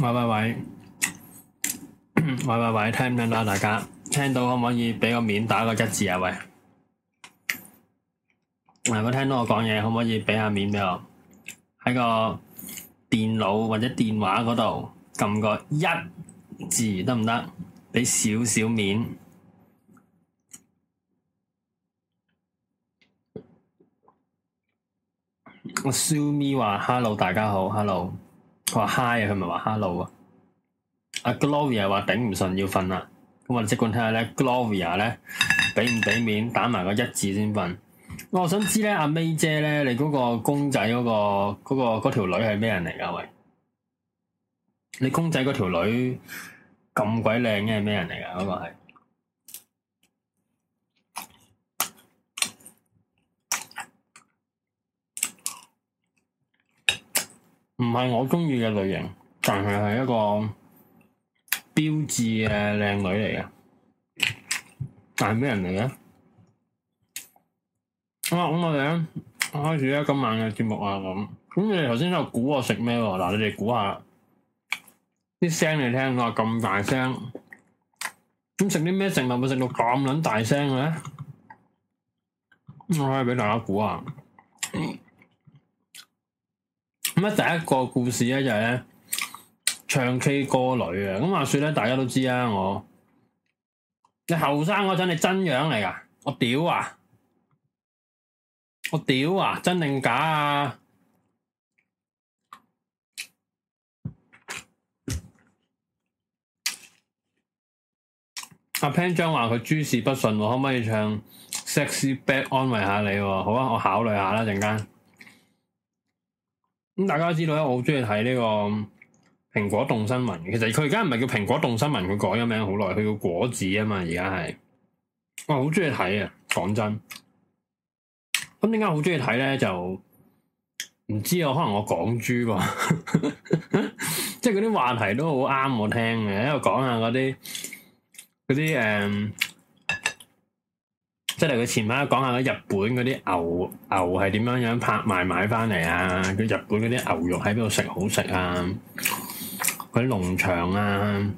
喂喂喂，喂喂喂，聽唔聽到啊？大家聽到可唔可以畀個面打個一字啊？喂，如果聽到我講嘢，可唔可以畀下面我喺個電腦或者電話嗰度撳個一字得唔得？畀少少面。我笑咪話，hello，大家好，hello。佢話嗨啊，佢咪話 hello 啊。阿 Gloria 話頂唔順要瞓啦，咁我哋即管睇下咧，Gloria 咧俾唔俾面打埋個一字先瞓。我、哦、想知咧，阿 May 姐咧，你嗰個公仔嗰、嗰個嗰、嗰個條、嗰個、女係咩人嚟噶喂？你公仔嗰條女咁鬼靚嘅係咩人嚟噶嗰個係？唔係我中意嘅類型，但係係一個標誌嘅靚女嚟嘅，但係咩人嚟嘅？啊，咁我哋咧開始咧今晚嘅節目啊咁。咁你哋頭先喺度估我食咩？嗱，你哋估下啲聲你聽，我話咁大聲，咁食啲咩食物會食到咁卵大聲嘅咧？我可以畀大家估下。咁第一個故事咧，就係咧唱 K 歌女啊！咁話說咧，大家都知啦。我你後生嗰陣你真樣嚟噶，我屌啊，我屌啊，真定假啊？阿 Pan 張話佢諸事不順，可唔可以唱 sexy back 安慰下你？好啊，我考慮下啦，陣間。咁大家知道咧，我好中意睇呢個蘋果動新聞。其實佢而家唔係叫蘋果動新聞，佢改咗名好耐，佢叫果子啊嘛。而家係，我好中意睇啊。講真，咁點解好中意睇咧？就唔知啊。可能我港豬啩， 即係嗰啲話題都好啱我聽嘅。喺度講下嗰啲嗰啲誒。即係佢前晚講下嗰日本嗰啲牛牛係點樣樣拍賣買翻嚟啊！佢日本嗰啲牛肉喺邊度食好食啊？佢農場啊，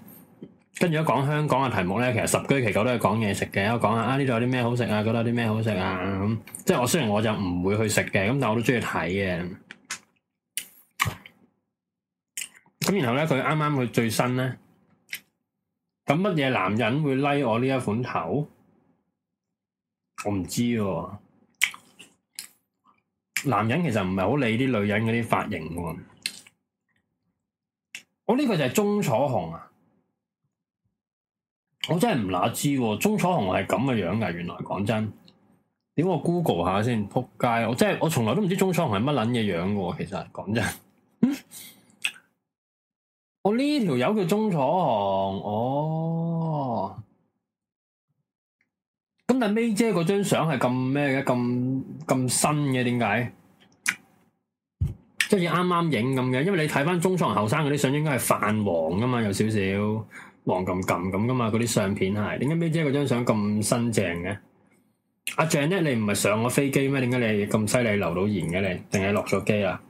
跟住一講香港嘅題目咧。其實十居其九都係講嘢食嘅。我講下啊，呢度有啲咩好食啊？嗰度有啲咩好食啊？咁、嗯、即係我雖然我就唔會去食嘅，咁但我都中意睇嘅。咁然後咧，佢啱啱佢最新咧，咁乜嘢男人會 l、like、我呢一款頭？我唔知喎、哦，男人其實唔係好理啲女人嗰啲髮型喎、哦。我、哦、呢、個就係鍾楚紅啊，我真係唔乸知喎、哦，鍾楚紅係咁嘅樣噶、啊，原來講真、點我 Google 下先，撲街！我真係我從來都唔知鍾楚紅係乜捻嘅樣嘅，其實講真、嗯，我呢條友叫鍾楚紅，哦。但係 May 姐，嗰張相係咁咩嘅？咁咁新嘅，點解？即係似啱啱影咁嘅。因為你睇翻中上後生嗰啲相，應該係泛黃噶嘛，有少少黃冚冚咁噶嘛。嗰啲相片係，點解 May 姐嗰張相咁新淨嘅？阿鄭 net 你唔係上咗飛機咩？點解你咁犀利留到言嘅？你定係落咗機啦？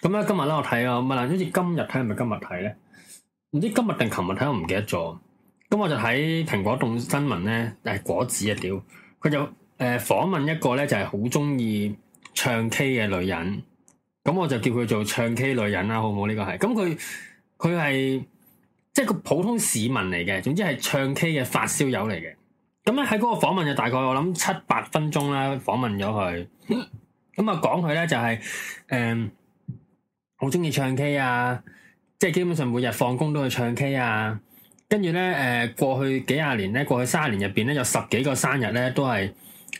咁咧今日咧我睇啊，問啊，好似今日睇，係咪今日睇咧？唔知今日定琴日睇，我唔記得咗。咁我就喺蘋果動新聞咧，誒果子啊屌！佢就誒訪、呃、問一個咧，就係好中意唱 K 嘅女人。咁我就叫佢做唱 K 女人啦，好唔好？呢個係咁，佢佢係即係個普通市民嚟嘅，總之係唱 K 嘅發燒友嚟嘅。咁咧喺嗰個訪問就大概我諗七八分鐘啦，訪問咗佢。咁啊， 講佢咧就係、是、誒，好中意唱 K 啊，即係基本上每日放工都去唱 K 啊。跟住咧，誒過去幾廿年咧，過去三十年入邊咧，有十幾個生日咧，都係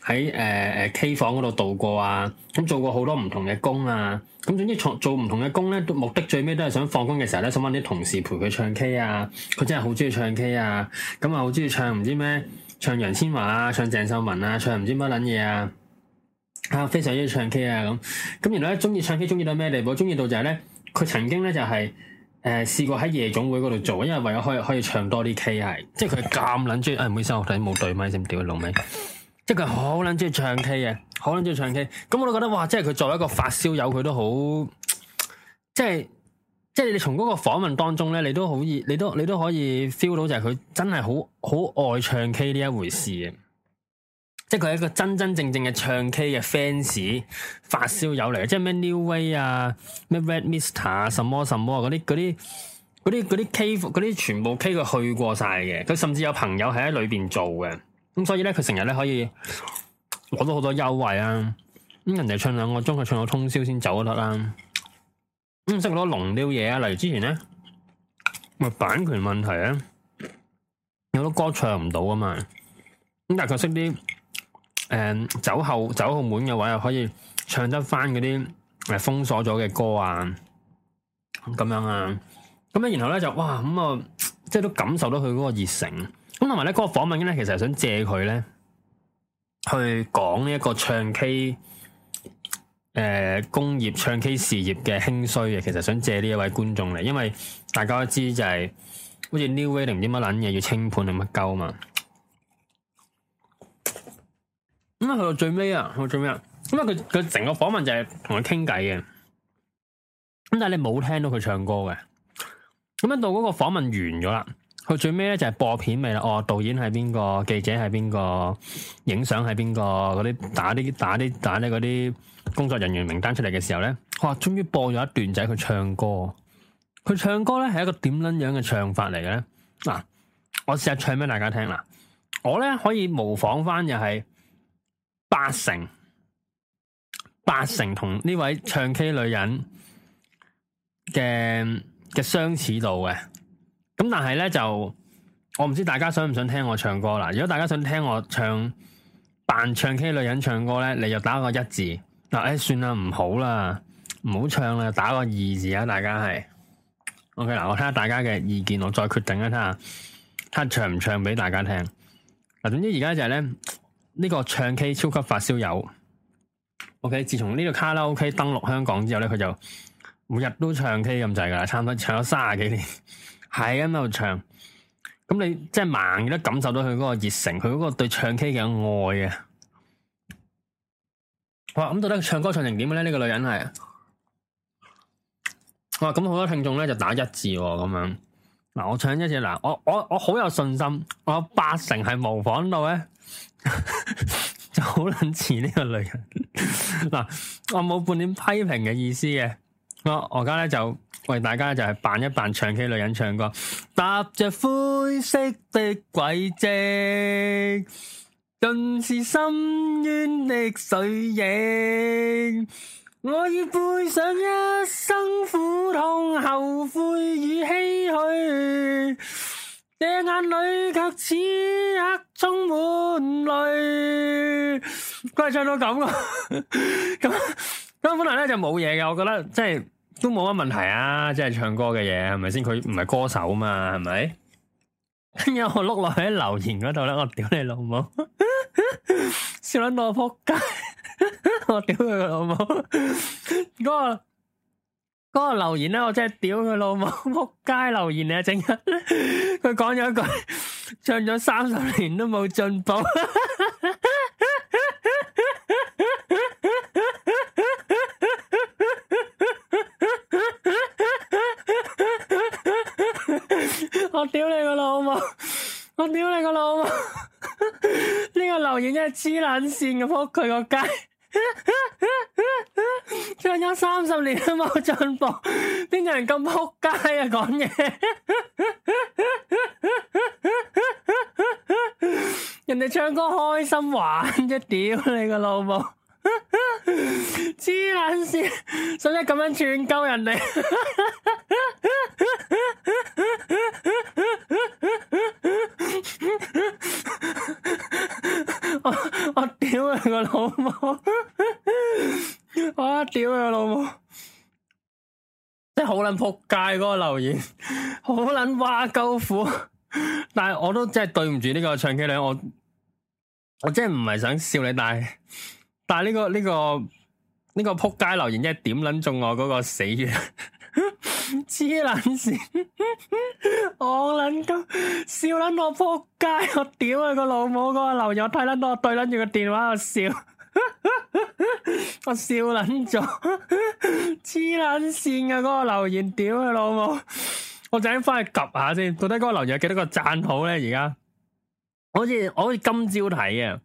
喺誒誒 K 房嗰度度過啊！咁做過好多唔同嘅工啊！咁總之做做唔同嘅工咧，目的最尾都係想放工嘅時候咧，想揾啲同事陪佢唱 K 啊！佢真係好中意唱 K 啊！咁啊，好中意唱唔知咩，唱楊千嬅啊，唱鄭秀文啊，唱唔知乜撚嘢啊！啊，非常中意唱 K 啊！咁咁原來咧，中意唱 K 中意到咩地步？中意到就係咧，佢曾經咧就係。誒、呃，試過喺夜總會嗰度做，因為為咗可以可以唱多啲 K 係，即係佢咁撚鍾意。誒、哎，唔好意思，我睇冇對咪屌佢老味。即係佢好撚鍾意唱 K 嘅，好撚鍾意唱 K。咁我都覺得哇，即係佢作為一個發燒友，佢都好，即係即係你從嗰個訪問當中咧，你都好以，你都你都可以 feel 到就係佢真係好好愛唱 K 呢一回事啊！即係佢係一個真真正正嘅唱 K 嘅 fans 發燒友嚟嘅，即係咩 New Way 啊、咩 Red MR 啊、什麼什麼嗰啲嗰啲啲啲 K 啲全部 K 佢去過晒嘅。佢甚至有朋友係喺裏邊做嘅，咁所以咧佢成日咧可以攞到好多優惠啊。咁人哋唱兩個鐘，佢唱到通宵先走都得啦、啊。咁識好多龍啲嘢啊，例如之前咧，咪版權問題啊，有好多歌唱唔到啊嘛。咁但係佢識啲。誒、嗯，走後走後門嘅話，又可以唱得翻嗰啲誒封鎖咗嘅歌啊，咁樣啊，咁咧然後咧就哇咁啊、嗯，即係都感受到佢嗰個熱誠。咁同埋咧，嗰、那個訪問咧，其實想借佢咧去講呢一個唱 K 誒、呃、工業唱 K 事業嘅興衰嘅，其實想借呢一位觀眾嚟，因為大家都知就係、是、好似 Neway 定唔知乜撚嘢要清盤去乜鳩嘛。咁啊，去到最尾啊，去到最尾啊，咁啊，佢佢成個訪問就係同佢傾偈嘅，咁但係你冇聽到佢唱歌嘅。咁啊，到嗰、啊、個訪問，問完咗啦，佢最尾咧就係、是、播片尾啦。哦，導演係邊個，記者係邊個，影相係邊個，嗰啲打啲打啲打啲嗰啲工作人員名單出嚟嘅時候咧，哇，終於播咗一段仔佢唱歌。佢唱歌咧係一個點撚樣嘅唱法嚟嘅咧？嗱、啊，我試下唱俾大家聽啦，我咧可以模仿翻就係、是。八成，八成同呢位唱 K 女人嘅嘅相似度嘅，咁但係呢，就，我唔知大家想唔想聽我唱歌啦？如果大家想聽我唱扮唱 K 女人唱歌呢，你就打個一字。嗱，誒，算啦，唔好啦，唔好唱啦，打個二字啊，大家係，OK。嗱，我聽下大家嘅意見，我再決定一下，睇下，睇下唱唔唱俾大家聽。嗱、就是，總之而家就係呢。呢個唱 K 超級發燒友，OK，自從呢個卡拉 OK 登陸香港之後咧，佢就每日都唱 K 咁滯㗎啦，差唔多唱咗三十幾年，係啊，喺度 唱。咁你即係盲嘅都感受到佢嗰個熱誠，佢嗰個對唱 K 嘅愛嘅、啊。哇！咁到底唱歌唱成點嘅咧？呢、這個女人係，哇！咁好多聽眾咧就打一字喎、哦，咁樣嗱，我唱一字嗱，我我我好有信心，我有八成係模仿到咧。就好撚似呢個女人嗱， 我冇半點批評嘅意思嘅，我我而家咧就為大家就係扮一扮唱 K 女人唱歌，踏着 灰色的軌跡，盡是深淵的水影，我已背上一生苦痛、後悔與唏噓。你眼裏卻此刻充滿淚，佢係唱到咁咯，咁 咁本來咧就冇嘢嘅，我覺得即係都冇乜問題啊，即係唱歌嘅嘢係咪先？佢唔係歌手嘛，係咪？跟 住我碌落喺留言嗰度咧，我屌你老母，笑，笑到我仆街，我屌佢老母，我。 嗰個留言咧，我真係屌佢老母扑街留言嚟啊！正一。佢講咗一句唱咗三十年都冇進步， 我屌你個老母！我屌你個老母！呢 個留言真係黐冷線嘅扑佢個街。 唱咗三十年都冇進步，邊個人咁扑街啊！講嘢， 人哋唱歌開心玩啫，屌 你個老母！黐撚線，使唔使咁樣串鳩人哋？ 我屌啊個老母！我屌啊個老母！即係好撚扑街嗰個留言，好撚話鳩苦。 但係我都真係對唔住呢個唱 K 女，我我真係唔係想笑你，但係。但係、這、呢個呢、這個呢、這個扑街留， 經病、 啊、留言，真係點撚中我嗰個死月，黐撚線，我撚到笑撚 我扑 街了，我屌佢個老母！嗰、那個留言我睇撚到，對撚住個電話喺度笑，我笑撚咗，黐撚線啊！嗰個留言屌佢老母，我陣間翻去撳下先，到底嗰個留言有幾多個讚好咧？而家好似我好似今朝睇嘅。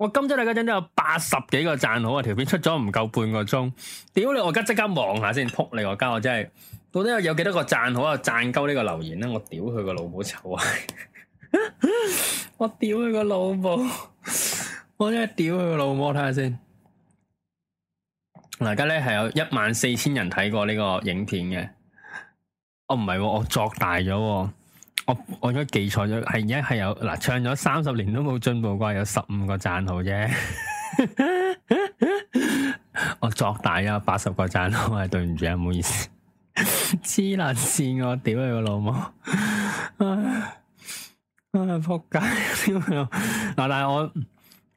我今朝大家真都有八十幾個讚好啊，條片出咗唔夠半個鐘，屌你我而家即刻望下先，扑你我而家我真係到底有有幾多個讚好啊，讚鳩呢個留言咧，我屌佢個老母臭 老母老母老母看看啊，我屌佢個老母，我真係屌佢個老母睇下先。嗱，而家咧係有一萬四千人睇過呢個影片嘅，哦唔係喎，我作大咗喎。我我而家記錯咗，係而家係有嗱唱咗三十年都冇進步過，有十五個讚號啫。 我作大啊，八十個讚好係對唔住啊，唔好意思，黐撚線，我屌你個老母， 唉混 唉仆街。嗱，但係我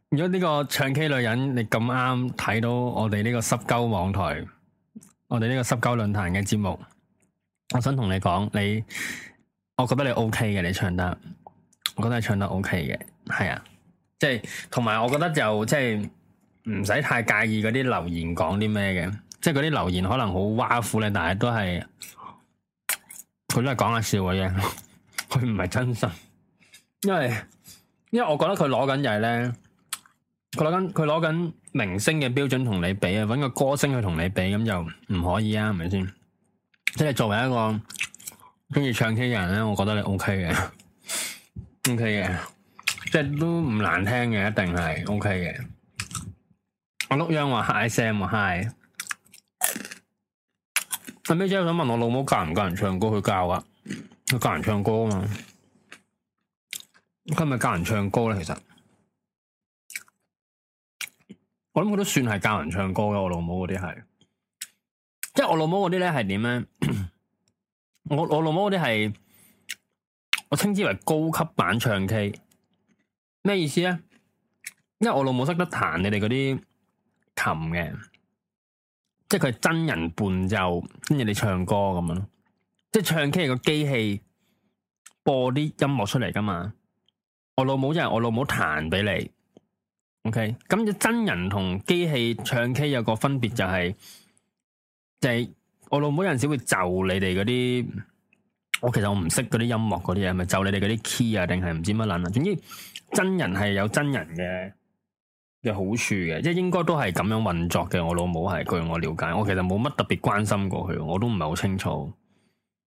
如果呢個唱 K 女人，你咁啱睇到我哋呢個濕鳩網台，我哋呢個濕鳩論壇嘅節目，我想同你講你。我覺得你 O K 嘅，你唱得，我覺得你唱得 O K 嘅，係啊，即係同埋，我覺得就即係唔使太介意嗰啲留言講啲咩嘅，即係嗰啲留言可能好挖苦咧，但係都係佢都係講下笑嘅啫，佢唔係真心，因為因為我覺得佢攞緊就係咧，佢攞緊佢攞緊明星嘅標準同你比啊，揾個歌星去同你比，咁就唔可以啊，係咪先？即係作為一個。鍾意唱 K 嘅人咧，我覺得你 O、OK 嗯、K 嘅，O K 嘅，即係都唔難聽嘅，一定係 O K 嘅。我碌樣話 Hi Sam 話 Hi，後尾即係想問我老母教唔教人唱歌？佢教啊，佢教人唱歌啊嘛。佢係咪教人唱歌咧？其實我諗佢都算係教人唱歌嘅。我老母嗰啲係，即係我老母嗰啲咧係點咧？ 我我老母嗰啲係，我稱之為高級版唱 K，咩意思咧？因為我老母識得彈你哋嗰啲琴嘅，即係佢係真人伴奏，跟住你唱歌咁樣，即係唱 K 係個機器播啲音樂出嚟噶嘛。我老母就係我老母彈俾你，OK。咁就真人同機器唱 K 有個分別就係，就係。我老母有陣時會就你哋嗰啲，我其實我唔識嗰啲音樂嗰啲嘢，係咪就你哋嗰啲 key 啊，定係唔知乜捻啊。總之，真人係有真人嘅嘅好處嘅，即係應該都係咁樣運作嘅。我老母係據我了解，我其實冇乜特別關心過佢，我都唔係好清楚。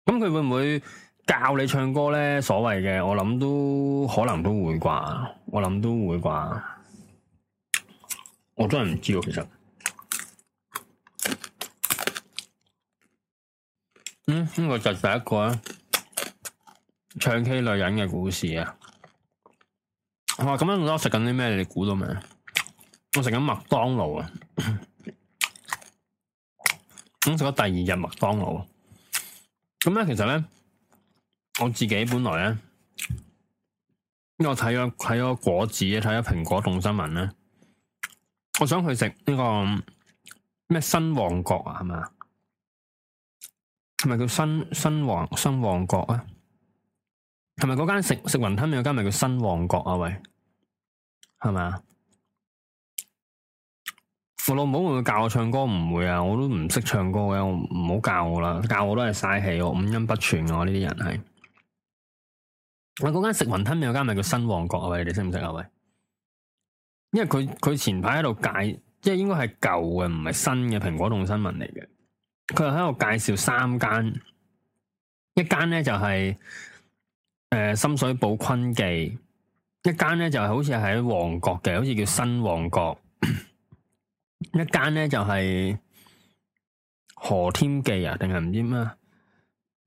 咁佢會唔會教你唱歌咧？所謂嘅，我諗都可能都會啩，我諗都會啩。我真係唔知喎，其實。呢個就係第一個咧，唱 K 女人嘅故事啊！哇、啊，咁樣我食緊啲咩？你估到未？我食緊麥當勞啊！咁食咗第二日麥當勞，咁咧其實咧我自己本來咧，因為我睇咗睇咗果子，睇咗蘋果動新聞咧，我想去食呢、這個咩新旺角啊，係咪啊？係咪叫新新旺新旺角啊？係咪嗰間食食雲吞麵有間咪叫新旺角啊？喂，係咪啊？我老母會唔會教我唱歌？唔會啊！我都唔識唱歌嘅，我唔好教我啦。教我都係嘥氣，我五音不全，我呢啲人係。喂，嗰間食雲吞麵有間咪叫新旺角啊？喂，你哋識唔識啊？喂，因為佢佢前排喺度解，即係應該係舊嘅，唔係新嘅蘋果動新聞嚟嘅。佢又喺度介紹三間，一間咧就係、是、誒、呃、深水埗坤記，一間咧就係好似喺旺角嘅，好似叫新旺角， 一間咧就係、是、何添記啊，定係唔知咩？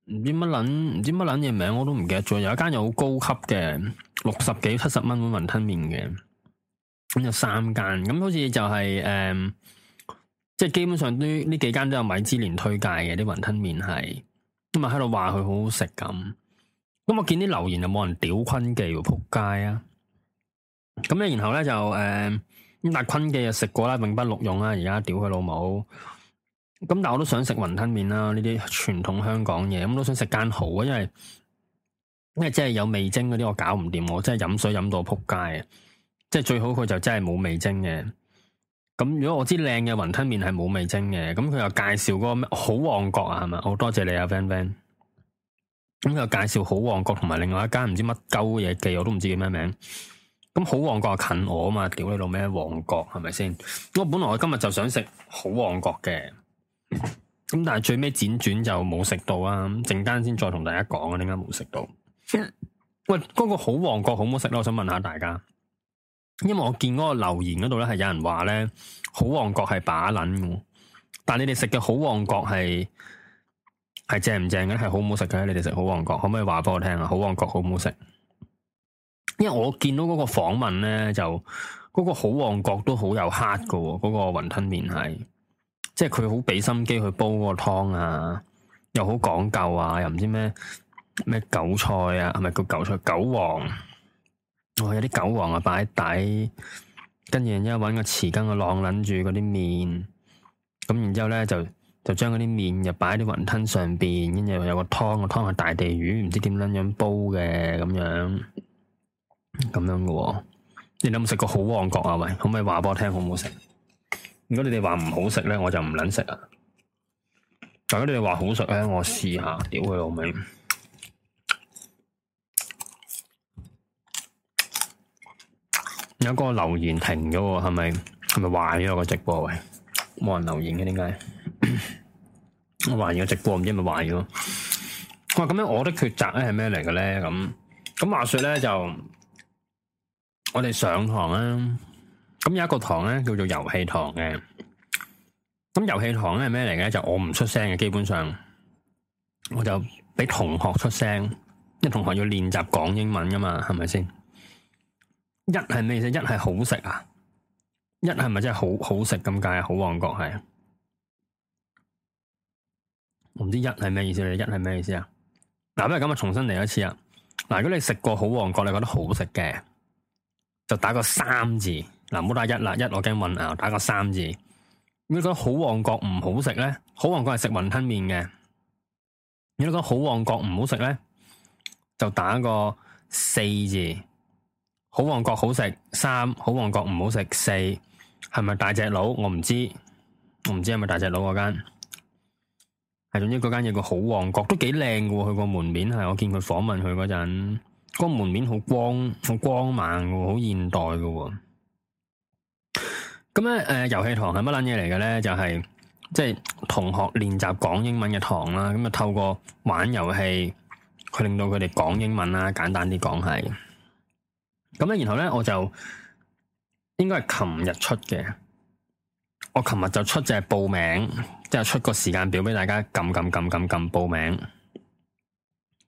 唔知乜捻唔知乜捻嘢名，我都唔記得咗。有一間有好高級嘅，六十幾七十蚊碗雲吞麵嘅，咁有三間。咁好似就係、是、誒。呃即係基本上都呢幾間都有米芝蓮推介嘅啲雲吞麵係咁啊，喺度話佢好好食咁。咁我見啲留言又冇人屌坤記喎，撲街啊！咁咧，然後咧就誒，咁、呃、但係坤記又食過啦，永不錄用啦。而家屌佢老母！咁但係我都想食雲吞麵啦、啊，呢啲傳統香港嘢咁，都想食間好啊，因為因為即係有味精嗰啲我搞唔掂喎，我真係飲水飲到撲街啊！即、就、係、係、最好佢就真係冇味精嘅。咁如果我知靚嘅雲吞麵係冇味精嘅，咁佢又介紹嗰個咩好旺角啊，係咪？好多謝你啊 Van Van 咁佢又介紹好旺角同埋另外一間唔知乜鳩嘢記，我都唔知叫咩名。咁好旺角啊，近我啊嘛，屌你老咩旺角係咪先？我本來我今日就想食好旺角嘅，咁但係最尾輾轉就冇食到啊。咁陣間先再同大家講啊，點解冇食到？喂，嗰、個好旺角好唔好食咧？我想問下大家。因為我見嗰個留言嗰度咧，係有人話咧，好旺角係把撚嘅，但你哋食嘅好旺角係係正唔正嘅咧？係好唔好食嘅咧？你哋食好旺角可唔可以話俾我聽啊？好旺角好唔好食？因為我見到嗰個訪問咧，就嗰、嗰個好旺角都好有黑㗎喎，嗰、嗰個雲吞麵係即係佢好俾心機去煲個湯啊，又好講究啊，又唔知咩咩韭菜啊，係咪叫韭菜韭黃？韭哦、有啲韭黃啊，擺底，跟住然之後搵個匙羹個浪捻住嗰啲麵，咁然之後咧就就將嗰啲麵就擺喺啲雲吞上邊，跟住有個湯，個湯係大地魚，唔知點捻樣煲嘅咁樣，咁樣嘅、哦。你有冇食過好旺角啊？喂，可唔可以話俾我聽好唔好食？如果你哋話唔好食咧，我就唔捻食啊。如果你哋話好食咧，我試下屌佢老味。有個留言停咗喎，係咪係咪壞咗個直播？喂，冇人留言嘅，點解？我壞咗個直播，唔知係咪壞咗？哇！咁樣我的抉擇咧係咩嚟嘅咧？咁咁話説咧，就我哋上堂啦，咁有一個堂咧叫做遊戲堂嘅。咁遊戲堂咧係咩嚟嘅？就我唔出聲嘅，基本上我就俾同學出聲，因為同學要練習講英文㗎嘛，係咪先？一係咩意思？一係好食啊！一係咪真係好好食咁解啊？好旺角係，我唔知一係咩意思，你一係咩意思啊？嗱、啊，不如咁啊，重新嚟一次啊！嗱，如果你食過好旺角，你覺得好食嘅，就打個三字嗱，唔好打一啦，一我驚混淆，打個三字。如果覺得好旺角唔好食咧，好旺角係食雲吞麵嘅，如果覺得好旺角唔好食咧，就打個四字。好旺角好食三，好旺角唔好食四，係咪大隻佬我唔知，我唔知係咪大隻佬嗰間，係總之嗰間嘢個好旺角都幾靚噶，佢個門面係我見佢訪問佢嗰陣，個門面好光好光猛噶，好現代噶。咁咧，誒、呃，遊戲堂係乜捻嘢嚟嘅咧？就係即係同學練習講英文嘅堂啦。咁啊，透過玩遊戲，佢令到佢哋講英文啦。簡單啲講係。咁咧，然後咧，我就應該係琴日出嘅。我琴日就出隻報名，即係出個時間表俾大家，撳撳撳撳撳報名。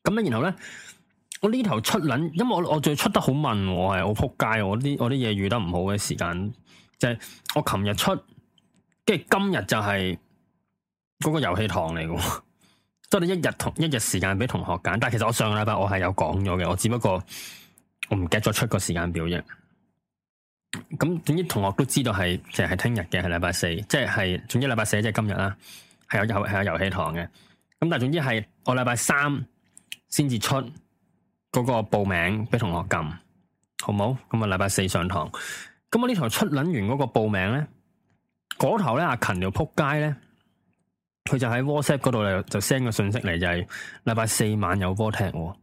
咁咧，然後咧，我呢頭出撚，因為我我最出得好慢，我係好撲街，我啲我啲嘢遇得唔好嘅時間，即係我琴日出，即係今日就係嗰個遊戲堂嚟嘅，即係你一日同一日時間俾同學揀。但係其實我上個禮拜我係有講咗嘅，我只不過。我唔記得咗出個時間表啫，咁總之同學都知道係淨係聽日嘅，係禮拜四，即係總之禮拜四即係今日啦，係有有係有遊戲堂嘅，咁但係總之係我禮拜三先至出嗰個報名俾同學撳，好唔好？咁啊禮拜四上堂，咁我呢台出捻完嗰個報名咧，嗰頭咧阿勤條撲街咧，佢就喺 WhatsApp 嗰度就訊就 send 個信息嚟，就係禮拜四晚有 v o 波踢。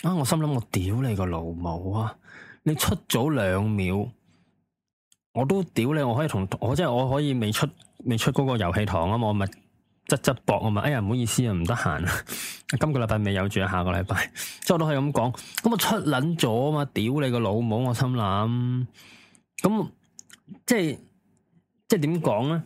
啊！我心諗我屌你個老母啊！你出咗兩秒，我都屌你！我可以同我即係我可以未出未出嗰個遊戲堂啊嘛，我咪側側膊，我咪，哎呀唔好意思啊，唔得閒啊，今個禮拜未有住啊，下個禮拜即係我都係咁講。咁 我出捻咗啊嘛，屌你個老母！我心諗咁即係即係點講咧？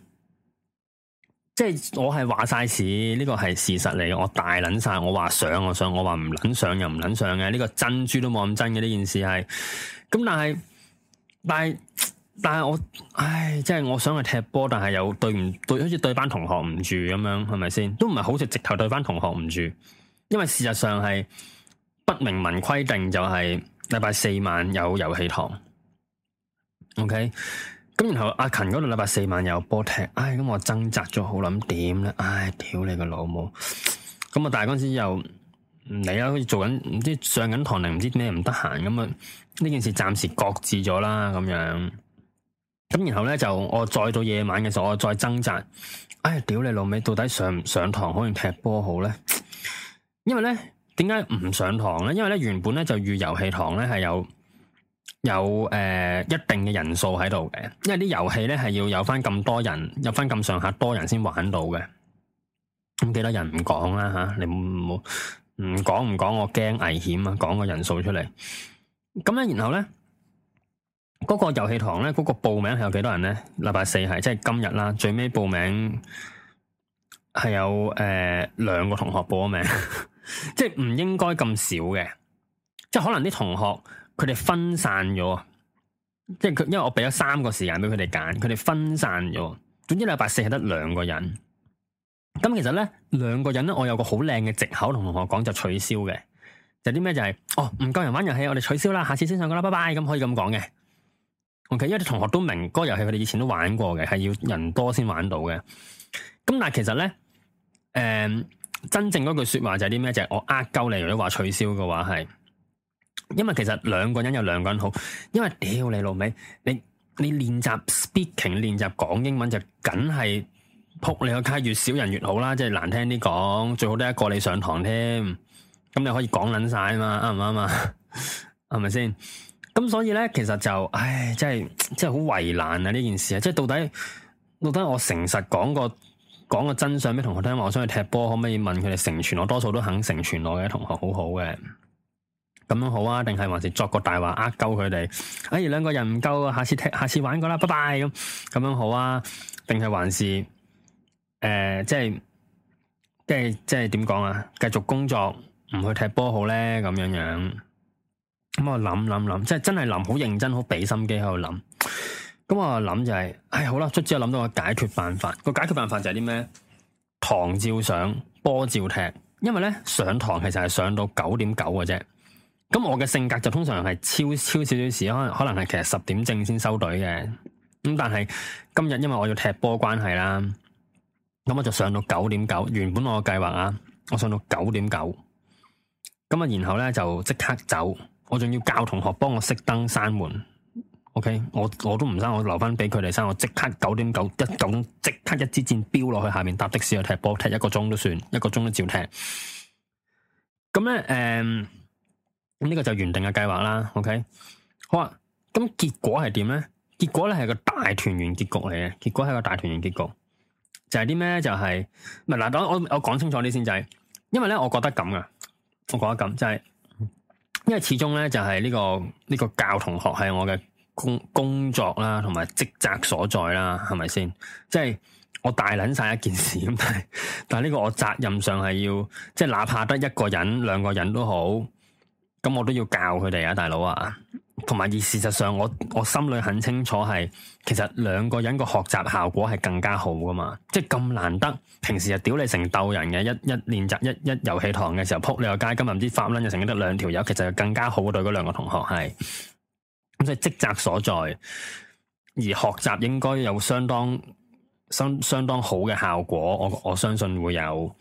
即係我係話晒事，呢個係事實嚟。我大捻晒，我話想，我想我話唔捻上又唔捻上嘅。呢、這個珍珠都冇咁真嘅呢件事係。咁但係，但係，但係我，唉，即係我想去踢波，但係又對唔對，好似對班同學唔住咁樣，係咪先？都唔係好似直頭對班同學唔住，因為事實上係不明文規定就係禮拜四晚有遊戲堂。OK。咁然後阿勤嗰度禮拜四晚又有波踢，唉咁我掙扎咗好耐，咁點咧？唉，屌你個老母！咁啊，但係嗰陣時又唔嚟啦，好似做緊唔知上緊堂定唔知咩唔得閒咁啊！呢件事暫時擱置咗啦，咁樣。咁然後咧就我再到夜晚嘅時候，我再掙扎，唉，屌你老味，到底上唔上堂可能踢波好咧？因為咧點解唔上堂咧？因為咧原本咧就預遊戲堂咧係有。有誒，一定嘅人數喺度嘅，因為啲遊戲咧係要有翻咁多人，有翻咁上下多人先玩到嘅。咁幾多人唔講啦吓，你唔好唔講唔講，我驚危險啊！講個人數出嚟。咁樣，然後咧，嗰個遊戲堂咧，嗰個報名係有幾多人咧？禮拜四係即係今日啦，最尾報名係有誒兩個同學報咗名，即係唔應該咁少嘅，即係可能啲同學。佢哋分散咗，即係佢，因為我俾咗三個時間俾佢哋揀，佢哋分散咗。總之禮拜四係得兩個人。咁其實咧兩個人咧，我有個好靚嘅借口同同學講就取消嘅，就啲、是、咩就係、是、哦唔夠人玩遊戲，我哋取消啦，下次先上噶啦，拜拜，咁可以咁講嘅。O、OK? K，因為啲同學都明嗰、那個遊戲佢哋以前都玩過嘅，係要人多先玩到嘅。咁但係其實咧，誒、嗯，真正嗰句說話就係啲咩，就係、是、我呃鳩你，如果話取消嘅話係。因為其實兩個人有兩個人好，因為屌你老味，你你練習 speaking 練習講英文就梗係扑你個卡越少人越好啦，即係難聽啲講，最好得一個你上堂添，咁你可以講捻晒啊嘛，啱唔啱啊？係咪先？咁所以呢，其實就唉，真係真係好為難啊呢件事啊，即係到底到底我誠實講個講個真相俾同學聽話，我想去踢波，可唔可以問佢哋成全我？多數都肯成全我嘅同學，好好嘅。咁樣好啊？定係還是作個大話呃鳩佢哋？哎，兩個人唔夠，下次踢，下次玩過啦，拜拜咁。咁樣好啊？定係還是誒、呃，即係即係即係點講啊？繼續工作唔去踢波好咧？咁樣樣咁我諗諗諗，即係真係諗好認真，好俾心機喺度諗。咁我諗就係，唉、哎，好啦，卒之我諗到個解決辦法。個 解決辦法就係啲咩？堂照上，波照踢。因為咧上堂其實係上到九點九嘅啫。咁我嘅性格就通常係超超少少遲，可能可能係其實十點正先收隊嘅。咁、嗯、但係今日因為我要踢波關係啦，咁我就上到九點九。原本我嘅計劃啊，我上到九點九。咁啊，然後咧就即刻走，我仲要教同學幫我熄燈閂門。OK，我我都唔閂，我留翻俾佢哋閂。我即刻九點九一九鐘，即刻一支箭飆落去下面搭的士去踢波，踢一個鐘都算，一個鐘都照踢。咁咧，誒、嗯。咁呢個就原定嘅計劃啦，OK，好啊。咁結果係點咧？結果咧係個大團圓結局嚟嘅。結果係個大團圓結局，就係啲咩？就係咪嗱？等我我講清楚啲先，就係因為咧，我覺得咁噶，我覺得咁，就係、是、因為始終咧，就係、是、呢、呢個呢、呢個教同學係我嘅工工作啦，同埋職責所在啦，係咪先？即、就、係、是、我大捻晒一件事，但係但係呢個我責任上係要，即、就、係、是、哪怕得一個人、兩個人都好。咁我都要教佢哋啊，大佬啊，同埋而事實上我，我我心裏很清楚係，其實兩個人個學習效果係更加好噶嘛，即係咁難得，平時就屌你成斗人嘅，一一練習一一遊戲堂嘅時候撲你個街，今日唔知發卵就成日得兩條友，其實係更加好對嗰兩個同學係，咁即係職責所在，而學習應該有相當相相當好嘅效果，我我相信會有，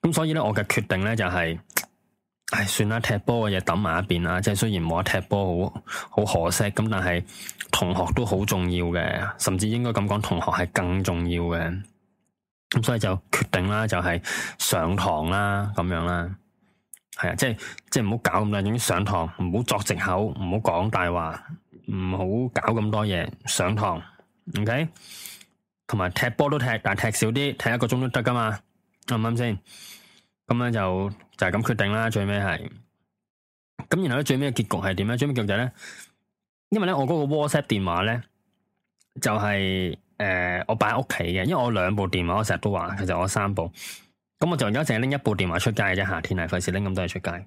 咁所以咧，我嘅決定咧就係。唉、哎，算啦，踢波嘅嘢抌埋一邊啦。即係雖然冇得踢波，好好可惜。咁但係同學都好重要嘅，甚至應該咁講，同學係更重要嘅。咁所以就決定啦，就係、是、上堂啦，咁樣啦。係啊，即係即係唔好搞咁多嘢。上堂唔好作藉口，唔好講大話，唔好搞咁多嘢。上堂，OK？同埋踢波都踢，但係踢少啲，踢一個鐘都得噶嘛？啱唔啱先？咁咧就。就係咁決定啦，最尾係咁，然後咧最尾嘅結局係點咧？最尾腳仔咧，因為咧我嗰個 WhatsApp 電話咧，就係誒我擺喺屋企嘅，因為我、就是呃、我，因為我兩部電話，我成日都話其實我三部，咁我就而家淨係拎一部電話出街嘅啫。夏天係費事拎咁多嘢出街。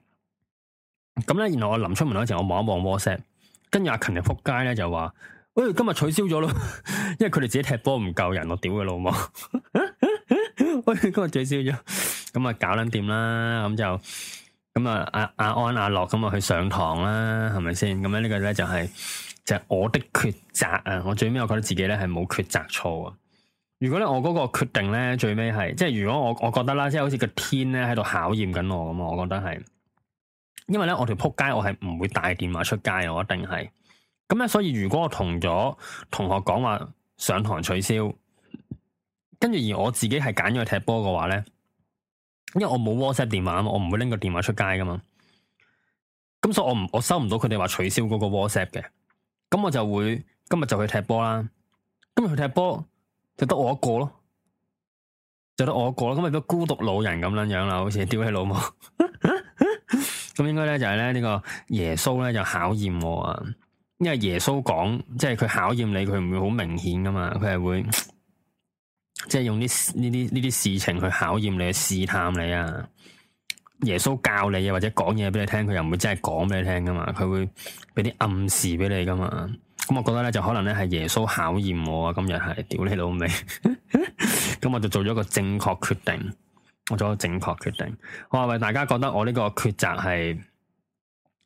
咁咧，然後我臨出門嗰陣，我望一望 WhatsApp，跟住阿勤力撲街咧，就話，喂，今日取消咗咯， 因為佢哋自己踢波唔夠人我屌佢老母，喂 今日取消咗。咁啊，搞撚掂啦，咁就咁啊，阿阿安阿樂咁啊去上堂啦，係咪先？咁咧呢個咧就係、是、就係、是、我的抉擇啊！我最尾我覺得自己咧係冇抉擇錯啊！如果咧我嗰個決定咧最尾係，即係如果我覺我，我覺得啦，即係好似個天咧喺度考驗緊我，咁我覺得係，因為咧我條撲街我係唔會帶電話出街啊，我一定係。咁咧所以如果我同咗同學講話上堂取消，跟住而我自己係揀咗去踢波嘅話咧。因為我冇 WhatsApp 電話啊嘛，我唔會拎個電話出街噶嘛，咁所以我唔我收唔到佢哋話取消嗰個 WhatsApp 嘅，咁我就會今日就去踢波啦，今日去踢波就得我一個咯，就得我一個咯，咁咪都孤獨老人咁樣樣啦，好似屌起老母。咁 應該咧就係、是、咧呢、呢個耶穌咧就考驗我啊，因為耶穌講即係佢考驗你，佢唔會好明顯噶嘛，佢係會。即係用啲呢啲呢啲事情去考驗你、試探你啊！耶穌教你啊，或者講嘢俾你聽，佢又唔會真係講俾你聽噶嘛，佢會俾啲暗示俾你噶嘛。咁、嗯、我覺得咧，就可能咧係耶穌考驗我啊！今日係，屌你老味！咁、 嗯、我就做咗個正確決定，我做咗個正確決定。我話喂，是是大家覺得我呢個抉擇係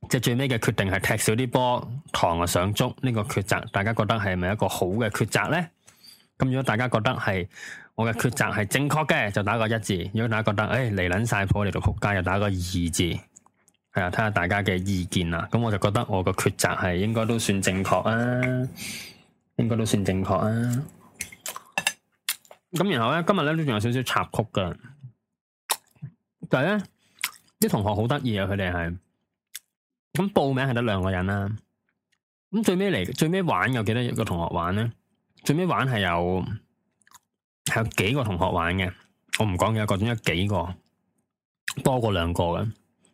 即係最尾嘅決定係踢少啲波，堂啊想捉呢、這個抉擇，大家覺得係咪一個好嘅抉擇咧？.咁如果大家覺得係我嘅抉擇係正確嘅，就打個一字；如果大家覺得誒嚟捻晒破嚟到仆街，就打個二字。係啊，睇下大家嘅意見啦。咁我就覺得我嘅抉擇係應該都算正確啊，應該都算正確啊。咁然後咧，今日咧都仲有少少插曲噶，但係咧啲同學好得意啊，佢哋係咁報名係得兩個人啦、啊。咁最尾嚟，最尾玩有幾多個同學玩咧？最尾玩係有係有幾個同學玩嘅，我唔講嘅各種，有幾個多過兩個嘅？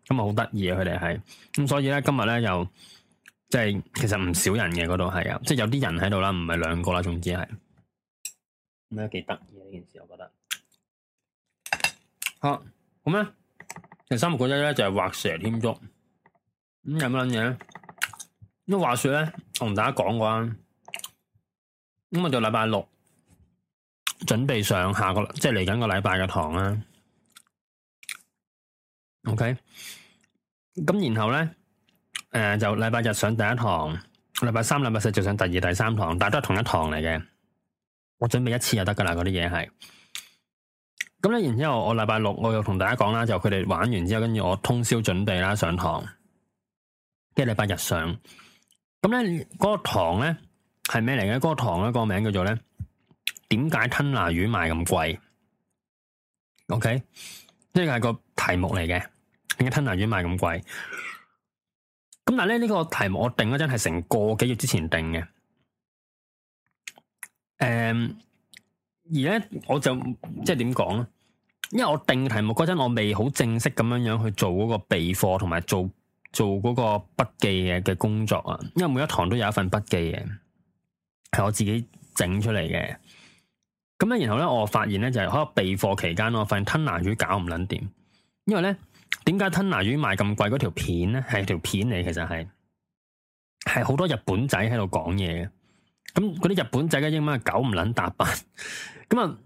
咁啊，好得意啊！佢哋係咁，所以咧今日咧又即係其實唔少人嘅嗰度係啊，即係有啲人喺度啦，唔係兩個啦，總之係咁啊，幾得意啊！呢件事我覺得，好咁啊，第三個角色咧就係、是、畫蛇添足，咁、嗯、有乜捻嘢咧？因為話說咧，我同大家講過啊。咁我就禮拜六準備上下個即係嚟緊個禮拜嘅堂啦。OK，咁然後咧，誒、呃、就禮拜日上第一堂，禮拜三、禮拜四就上第二、第三堂，但係都係同一堂嚟嘅。我準備一次就得噶啦，嗰啲嘢係。咁咧，然之後我禮拜六我又同大家講啦，就佢哋玩完之後，跟住我通宵準備啦，上堂。即係禮拜日上，咁咧嗰個堂咧。係咩嚟嘅？嗰、那個堂咧個名叫做咧，點解吞拿魚賣咁貴？OK，呢個係個題目嚟嘅。點解吞拿魚賣咁貴？咁但係咧呢個題目我定嗰陣係成個幾月之前定嘅。誒、嗯，而咧我就即係點講咧？因為我定題目嗰陣，我未好正式咁樣樣去做嗰個備課，同埋做做嗰個筆記嘅嘅工作啊。因為每一堂都有一份筆記嘅。係我自己整出嚟嘅，咁咧，然後咧，我發現咧就係、是、喺備貨期間，我發現吞拿魚搞唔撚掂，因為咧，點解吞拿魚賣咁貴？嗰條片咧係條片嚟，其實係係好多日本仔喺度講嘢嘅，咁嗰啲日本仔嘅英文搞啊，狗唔撚搭八，咁啊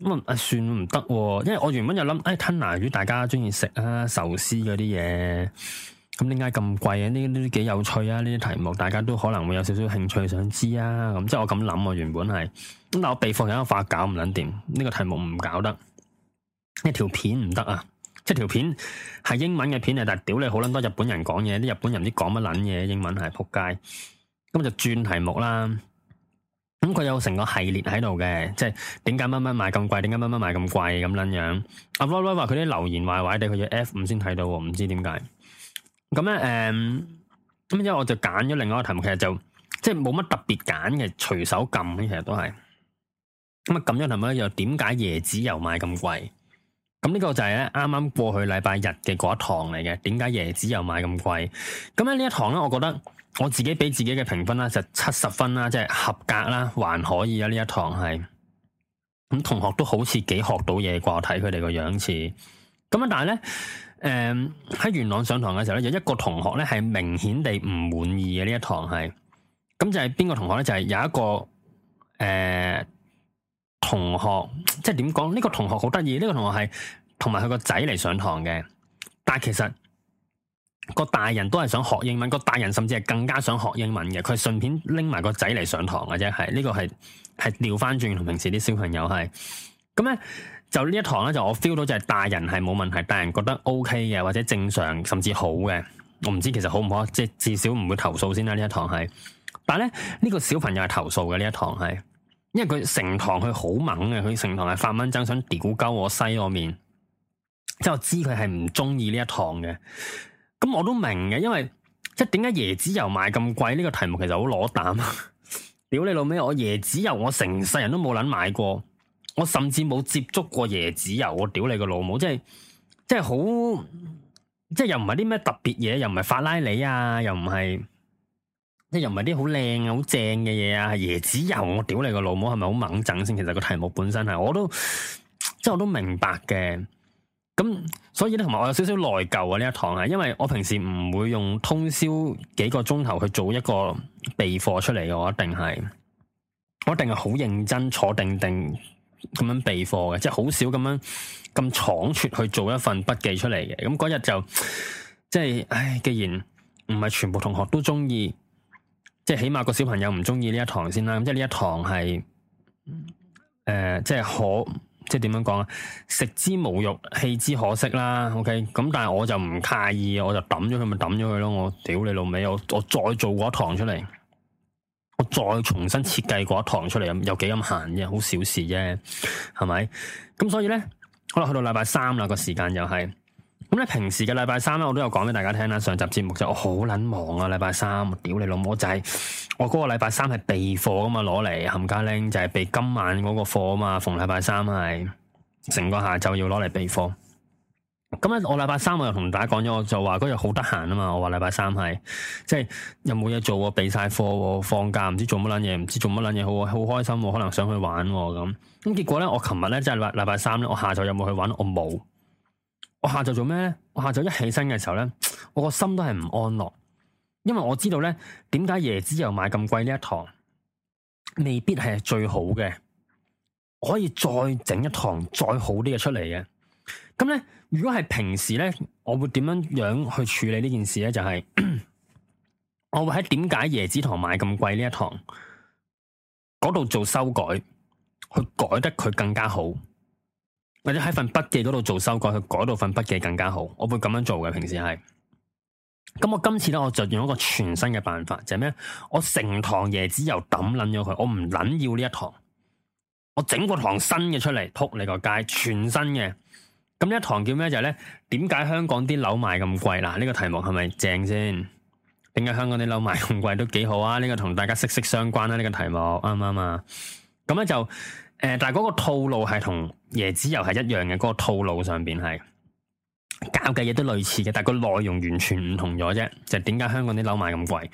咁啊，算唔得，因為我原本又諗，誒、哎，吞拿魚大家中意食啊，壽司嗰啲嘢。咁點解咁貴啊？呢啲都幾有趣啊！呢啲題目大家都可能會有少少興趣想知啊！咁即係我咁諗啊，原本係咁，但係我備課有啲發覺搞唔撚掂，呢個題目唔搞得一條片唔得啊！即係條片係英文嘅片啊，但係屌你，好撚多日本人講嘢，啲日本人唔知講乜撚嘢，英文係撲街。咁就轉題目啦。咁佢有成個系列喺度嘅，即係點解乜乜賣咁貴？點解乜乜賣咁貴？咁撚樣。阿羅羅話佢啲留言壞壞地，佢要 F5 先睇到，唔知點解。咁咧，誒咁之後我就揀咗另外一個題目，其實就即係冇乜特別揀嘅，隨手撳嘅，其實都係咁啊。撳咗題目咧，又點解椰子又賣咁貴？咁、這、呢個就係咧啱啱過去禮拜日嘅嗰一堂嚟嘅。點解椰子又賣咁貴？咁咧呢一堂咧，我覺得我自己俾自己嘅評分啦、啊，就七十分啦、啊，即係合格啦、啊，還可以啊。呢一堂係咁同學都好似幾學到嘢啩？睇佢哋個樣似咁啊，但係咧。誒喺、嗯、元朗上堂嘅時候咧，有一個同學咧係明顯地唔滿意嘅呢一堂係，咁就係邊個同學咧？就係、是、有一個誒、呃、同學，即係點講？呢、這個同學好得意，呢、這個同學係同埋佢個仔嚟上堂嘅，但係其實、那個大人都係想學英文，個大人甚至係更加想學英文嘅，佢係順便拎埋、個仔嚟上堂嘅啫，係呢個係係調翻轉同平時啲小朋友係咁咧。就呢一堂咧，就我 feel 到就係大人係冇問題，大人覺得 OK 嘅，或者正常，甚至好嘅。我唔知其實好唔好，即係至少唔會投訴先啦、啊。呢一堂係，但係咧呢、這個小朋友係投訴嘅呢一堂係，因為佢成堂佢好猛嘅，佢成堂係發蚊瞓，想屌鳩我西我面，即係我知佢係唔中意呢一堂嘅。咁我都明嘅，因為即係點解椰子油賣咁貴？呢、這個題目其實好攞膽啊，屌你老味！我椰子油我成世人都冇撚買過。我甚至冇接觸過椰子油，我屌你個老母，即係即係好，即係又唔係啲咩特別嘢，又唔係法拉利啊，又唔係，即係又唔係啲好靚啊、好正嘅嘢啊，係椰子油，我屌你個老母，係咪好猛震先？其實個題目本身係，我都即係我都明白嘅。咁所以咧，同埋我有少少內疚啊！呢一堂係，因為我平時唔會用通宵幾個鐘頭去做一個備課出嚟嘅，我一定係，我一定係好認真坐定定。咁樣備課嘅，即係好少咁樣咁倉促去做一份筆記出嚟嘅。咁嗰日就即係，唉，既然唔係全部同學都中意，即係起碼個小朋友唔中意呢一堂先啦。咁即係呢一堂係，誒、呃，即係可，即係點樣講啊？食之無肉，棄之可惜啦。OK，咁但係我就唔介意，我就抌咗佢咪抌咗佢咯。我屌你老味，我我再做過一堂出嚟。我再重新設計過一堂出嚟有幾咁閒啫，好小事啫，係咪？咁所以咧，好啦，去到禮拜三啦，個時間又係咁咧。平時嘅禮拜三咧，我都有講俾大家聽啦。上集節目就我好撚忙啊，禮拜三，屌你老母仔！我嗰、就係、個禮拜三係備課噶嘛，攞嚟冚家拎就係備今晚嗰個課啊嘛。逢禮拜三係成個下晝要攞嚟備課。咁咧，我禮拜三我又同大家講咗，我就話嗰日好得閒啊嘛，我話禮拜三係，即係又冇嘢做、啊，我備晒課、啊，我放假，唔知做乜捻嘢，唔知做乜捻嘢，好啊，好開心、啊，可能想去玩咁、啊。咁結果咧，我琴日咧，即係拜禮拜三咧，我下晝有冇去玩？我冇。我下晝做咩？我下晝一起身嘅時候咧，我個心都係唔安樂，因為我知道咧，點解椰子油買咁貴呢一堂，未必係最好嘅，可以再整一堂再好啲嘅出嚟嘅。咁咧，如果係平時咧，我會點樣樣去處理呢件事咧？就係、是、 我會喺點解椰子糖買咁貴呢一堂嗰度做修改，去改得佢更加好，或者喺份筆記嗰度做修改，去改到份筆記更加好。我會咁樣做嘅。平時係咁，我今次咧我就用一個全新嘅辦法，就係、是、咩？我成堂椰子油抌撚咗佢，我唔撚要呢一堂，我整個堂新嘅出嚟，撲你個街，全新嘅。咁呢一堂叫咩？就咧，點解香港啲樓賣咁貴？嗱，呢、這個題目係咪正先？點解香港啲樓賣咁貴都幾好啊？呢、這個同大家息息相關啦、啊。呢、這個題目啱唔啱啊？咁咧、嗯、就誒、呃，但係嗰個套路係同椰子油係一樣嘅，嗰、那個套路上邊係搞嘅嘢都類似嘅，但係個內容完全唔同咗啫。就點、是、解香港啲樓賣咁貴？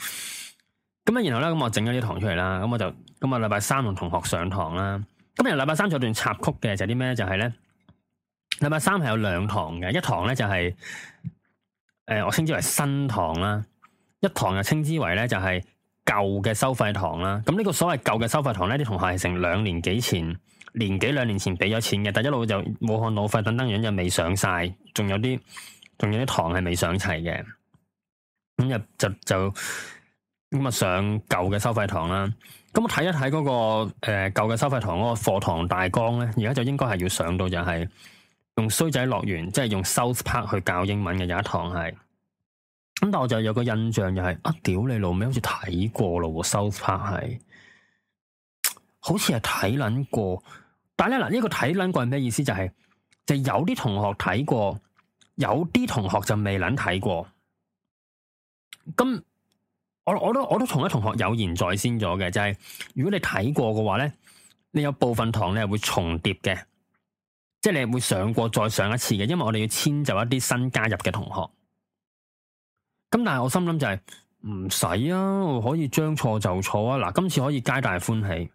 咁、嗯、啊，然後咧，咁我整咗啲堂出嚟啦。咁我就咁啊，禮拜三同同學上堂啦。今日禮拜三有段插曲嘅就係啲咩？就係、是、咧。禮拜三係有兩堂嘅，一堂咧就係、是、誒、呃，我稱之為新堂啦；一堂又稱之為咧就係、是、舊嘅收費堂啦。咁呢個所謂舊嘅收費堂咧，啲同學係成兩年幾前、年幾兩年前俾咗錢嘅，但一路就武漢肺炎等等樣，就未上晒。仲有啲仲有啲堂係未上齊嘅。咁就，就就咁啊，上舊嘅收費堂啦。咁我睇一睇嗰、那個誒、呃、舊嘅收費堂嗰個課堂大綱咧，而家就應該係要上到就係、是。用衰仔樂園，即係用 South Park 去教英文嘅有一堂係，咁但我就有個印象就係、是，啊屌你老味，好似睇過咯，South Park 係，好似係睇捻過，但係咧嗱，呢、這個睇捻過係咩意思？就係、是，就是、有啲同學睇過，有啲同學就未捻睇過，咁我我都我都同一同學有言在先咗嘅，就係、是、如果你睇過嘅話咧，你有部分堂咧會重疊嘅。即係你係會上過再上一次嘅，因為我哋要遷就一啲新加入嘅同學。咁但係我心諗就係唔使啊，我可以將錯就錯啊。嗱，今次可以皆大歡喜。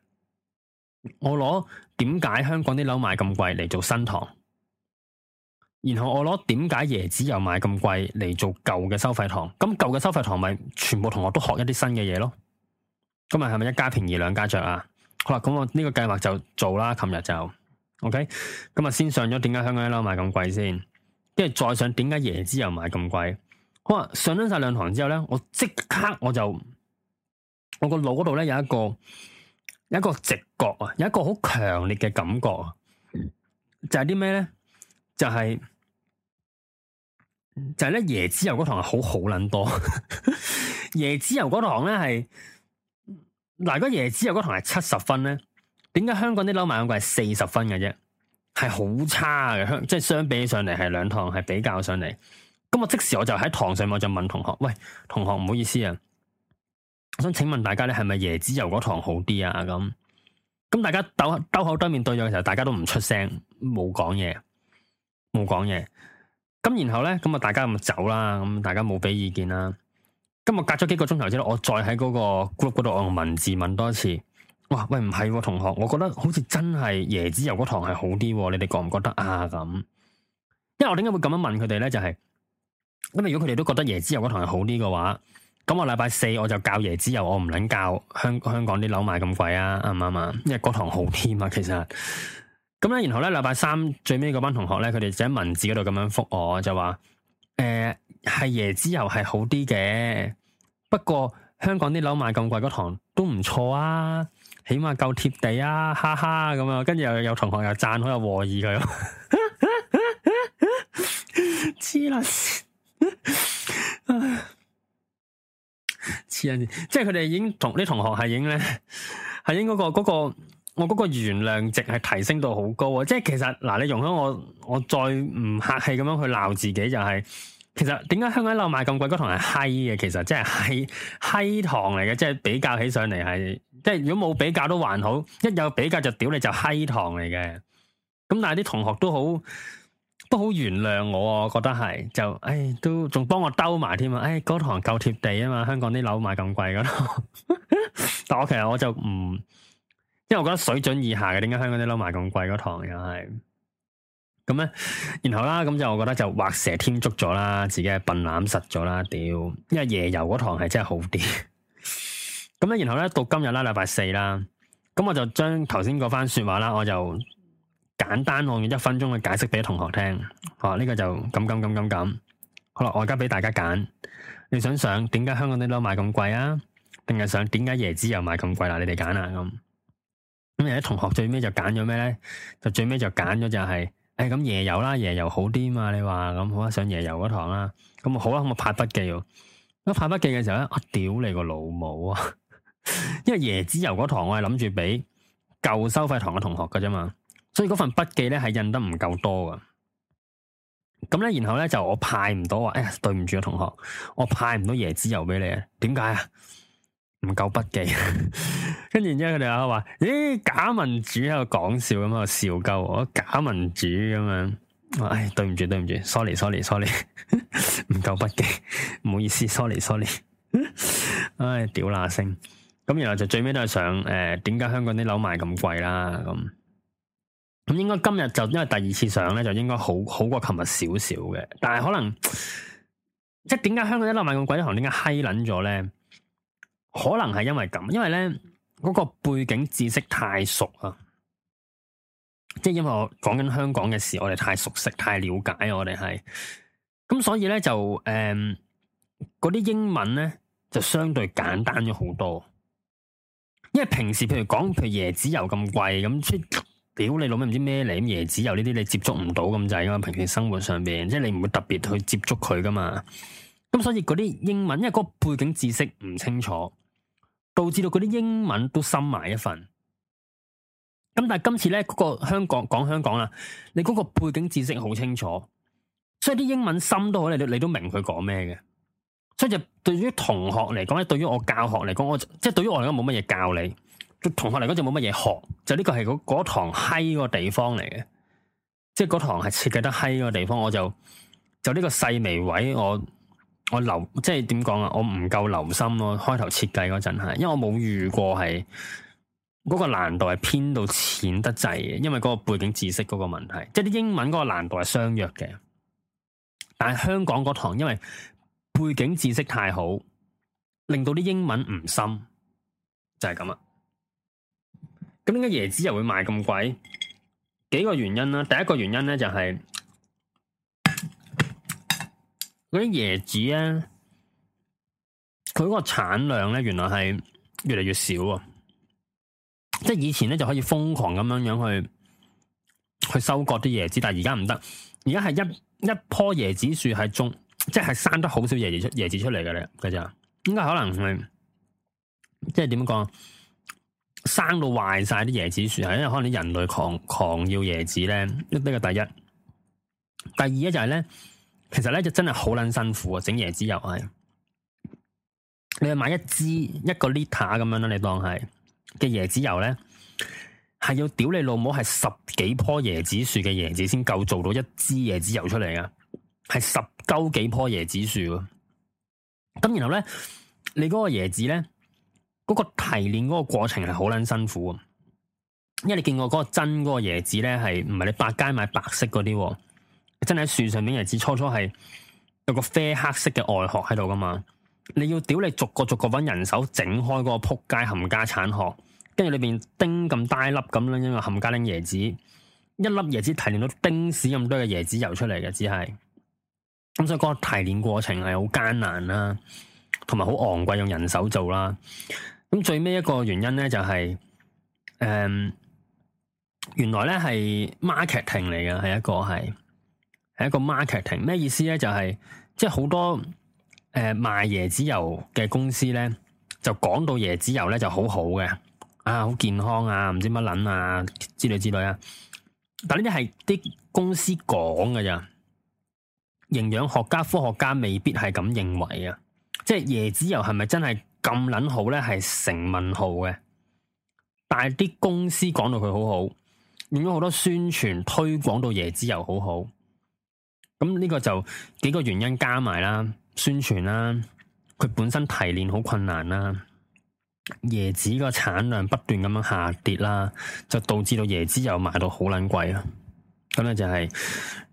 我攞點解香港啲樓賣咁貴嚟做新堂，然後我攞點解椰子又賣咁貴嚟做舊嘅收費堂。咁舊嘅收費堂咪全部同學都學一啲新嘅嘢咯。咁咪係咪一家便宜兩家著啊？好啦，咁我呢個計劃就做啦。琴日就。OK，咁啊，先上咗，點解香港一樓賣咁貴先？跟住再上，點解椰子油賣咁貴？好啊，上咗晒兩堂之後咧，我即刻我就，我個腦嗰度咧有一個，有一個直覺啊，有一個好強烈嘅感覺啊，就係啲咩咧？就係、是、就係咧，椰子油嗰堂係好好捻多， 椰子油嗰堂咧係，嗱，個椰子油嗰堂係七十分咧。點解香港啲樓賣個價係四十分嘅啫？係好差嘅，香即係相比上嚟係兩堂係比較上嚟。咁我即時我就喺堂上我就問同學：，喂，同學唔好意思啊，我想請問大家咧係咪椰子油嗰堂好啲啊？咁咁大家兜兜口對面對咗嘅時候，大家都唔出聲，冇講嘢，冇講嘢。咁然後咧，咁啊大家咁走啦，咁大家冇俾意見啦。咁我隔咗幾個鐘頭之後，我再喺嗰個 group 嗰度用文字問多一次。哇喂，唔係、喎、同學，我覺得好似真係椰子油果糖係好啲、喎，你哋覺唔覺得啊？咁，因為我點解會咁樣問佢哋咧？就係咁。如果佢哋都覺得椰子油果糖係好啲嘅話，咁我禮拜四我就教椰子油，我唔捻教香香港啲樓賣咁貴啊，啱唔啱啊？因為果糖好添啊，其實。咁咧、嗯，然後咧，禮拜三最尾嗰班同學咧，佢哋就喺文字嗰度咁樣覆我就話：誒、呃，係椰子油係好啲嘅，不過香港啲樓賣咁貴，果糖都唔錯啊。起碼夠貼地啊，哈哈咁啊，跟住又有同學又讚好又和意佢咯，黐啦，黐人，即係佢哋已經同啲同學係已經咧，係應嗰個嗰、那個、那個、我嗰個原諒值係提升到好高啊！即係其實嗱、啊，你容許我我再唔客氣咁樣去鬧自己，就係其實點解香港樓賣咁貴嗰堂係嗨嘅？其實即係係嗨堂嚟嘅，即係比較起上嚟係。即係如果冇比較都還好，一有比較就屌你就閪堂嚟嘅。咁但係啲同學都好，都好原諒我、哦，啊。我覺得係就，唉、哎，都仲幫我兜埋添啊！唉、哎，嗰堂夠貼地啊嘛，香港啲樓賣咁貴嗰堂。 但我其實我就唔，因為我覺得水準以下嘅點解香港啲樓賣咁貴嗰堂又係，咁咧，然後啦，咁就我覺得就畫蛇添足咗啦，自己係笨攬實咗啦，屌，因為夜遊嗰堂係真係好啲。咁然後咧到今日啦，禮拜四啦，咁、嗯、我就將頭先嗰番說話啦，我就簡單用一分鐘去解釋俾同學聽。哇、啊，呢、呢個就咁咁咁咁咁。好啦，我而家俾大家揀，你想上點解香港啲樓賣咁貴啊？定係想點解椰子又賣咁貴嗱、啊？你哋揀啦咁。咁有啲同學最尾就揀咗咩咧？最就最尾就揀咗就係，誒、哎、咁椰油啦，椰油好啲嘛？你話咁好啊？上椰油嗰堂啦。咁啊好啊，咁我拍筆記、啊。咁拍筆記嘅時候咧，我、啊、屌你個老母啊！因為椰子油嗰堂我係諗住俾舊收費堂嘅同學嘅啫嘛，所以嗰份筆記咧係印得唔夠多嘅，咁咧然後咧就我派唔到啊，哎呀對唔住啊同學，我派唔到椰子油俾你，點解啊？唔夠筆記，跟住之後佢哋啊話，咦、哎、假民主喺度講笑咁喺度笑鳩我假民主咁樣，唉、哎、對唔住對唔住，sorry sorry sorry，唔 夠筆記，唔好意思，sorry sorry，唉、 哎、屌乸、呃、聲。咁然後就最尾都係想誒點解香港啲樓賣咁貴啦？咁、嗯、咁、嗯、應該今日就因為第二次上咧，就應該好好過琴日少少嘅。但係可能即係點解香港啲樓賣咁貴，同點解閪撚咗咧？可能係因為咁，因為咧嗰、那個背景知識太熟啊，即係因為我講緊香港嘅事，我哋太熟悉、太了解了，我哋係咁，所以咧就誒嗰啲英文咧就相對簡單咗好多。因為平時譬如講，譬如椰子油咁貴咁，出屌、就是、你老味唔知咩嚟，咁椰子油呢啲你接觸唔到咁就係噶嘛，平時生活上邊即係你唔會特別去接觸佢噶嘛，咁所以嗰啲英文因為嗰個背景知識唔清楚，導致到嗰啲英文都深埋一份。咁但係今次咧嗰、嗰個香港講香港啦，你嗰個背景知識好清楚，所以啲英文深都好你都你都明佢講咩嘅。所以就對於同學嚟講，咧對於我教學嚟講，我即係對於我嚟講冇乜嘢教你。同學嚟講就冇乜嘢學，就呢個係嗰堂閪個地方嚟嘅。即係嗰堂係設計得閪個地方，我就就呢個細微位，我我留即係點講啊？我唔夠留心咯。開頭設計嗰陣係，因為我冇遇過係嗰個難度係偏到淺得滯嘅，因為嗰個背景知識嗰個問題，即係啲英文嗰個難度係相約嘅。但係香港嗰堂因為背景知識太好，令到啲英文唔深，就係咁啦。咁點解椰子又會賣咁貴？幾個原因啦，啊，第一個原因咧就係嗰啲椰子咧，佢嗰個產量咧原來係越嚟越少啊！即係以前咧就可以瘋狂咁樣樣去去收割啲椰子，但係而家唔得，而家係一一棵椰子樹係種。即係生得好少椰子出椰子出嚟嘅咧，佢就應該可能係即係點樣講，生到壞晒啲椰子樹，係因為可能啲人類狂狂要椰子咧。呢、這、呢個第一，第二咧就係、是、咧，其實咧就真係好撚辛苦啊，整椰子油係。你去買一支一個 lita 咁樣啦，你當係嘅椰子油咧，係要屌你老母係十幾棵椰子樹嘅椰子先夠做到一支椰子油出嚟啊！係十鳩幾棵椰子樹，咁然後咧，你嗰個椰子咧，嗰、嗰個提煉嗰個過程係好撚辛苦啊。因為你見過嗰個真嗰個椰子咧，係唔係你百佳買白色嗰啲真係喺樹上面椰子初初係有個啡黑色嘅外殼喺度噶嘛。你要屌你逐個逐個搵人手整開嗰個撲街冚家鏟殼，跟住裏邊叮咁大粒咁樣因為冚家拎椰子，一粒椰子提煉到丁屎咁多嘅椰子油出嚟嘅，只係。咁所以嗰個提煉過程係好艱難啦、啊，同埋好昂貴，用人手做啦、啊。咁最尾一個原因咧、就是，就係誒，原來咧係 marketing 嚟嘅，係一個係係一個 marketing。咩意思咧？就係即係好多誒、呃、賣椰子油嘅公司咧，就講到椰子油咧就好好嘅，啊好健康啊，唔知乜撚啊之類之類啊。但呢啲係啲公司講㗎咋。營養學家、科學家未必係咁認為啊，即係椰子油係咪真係咁捻好咧？係成問號嘅，但係啲公司講到佢好好，用咗好多宣傳推廣到椰子油好好，咁呢個就幾個原因加埋啦，宣傳啦，佢本身提煉好困難啦，椰子個產量不斷咁樣下跌啦，就導致到椰子油賣到好捻貴啊。咁咧就係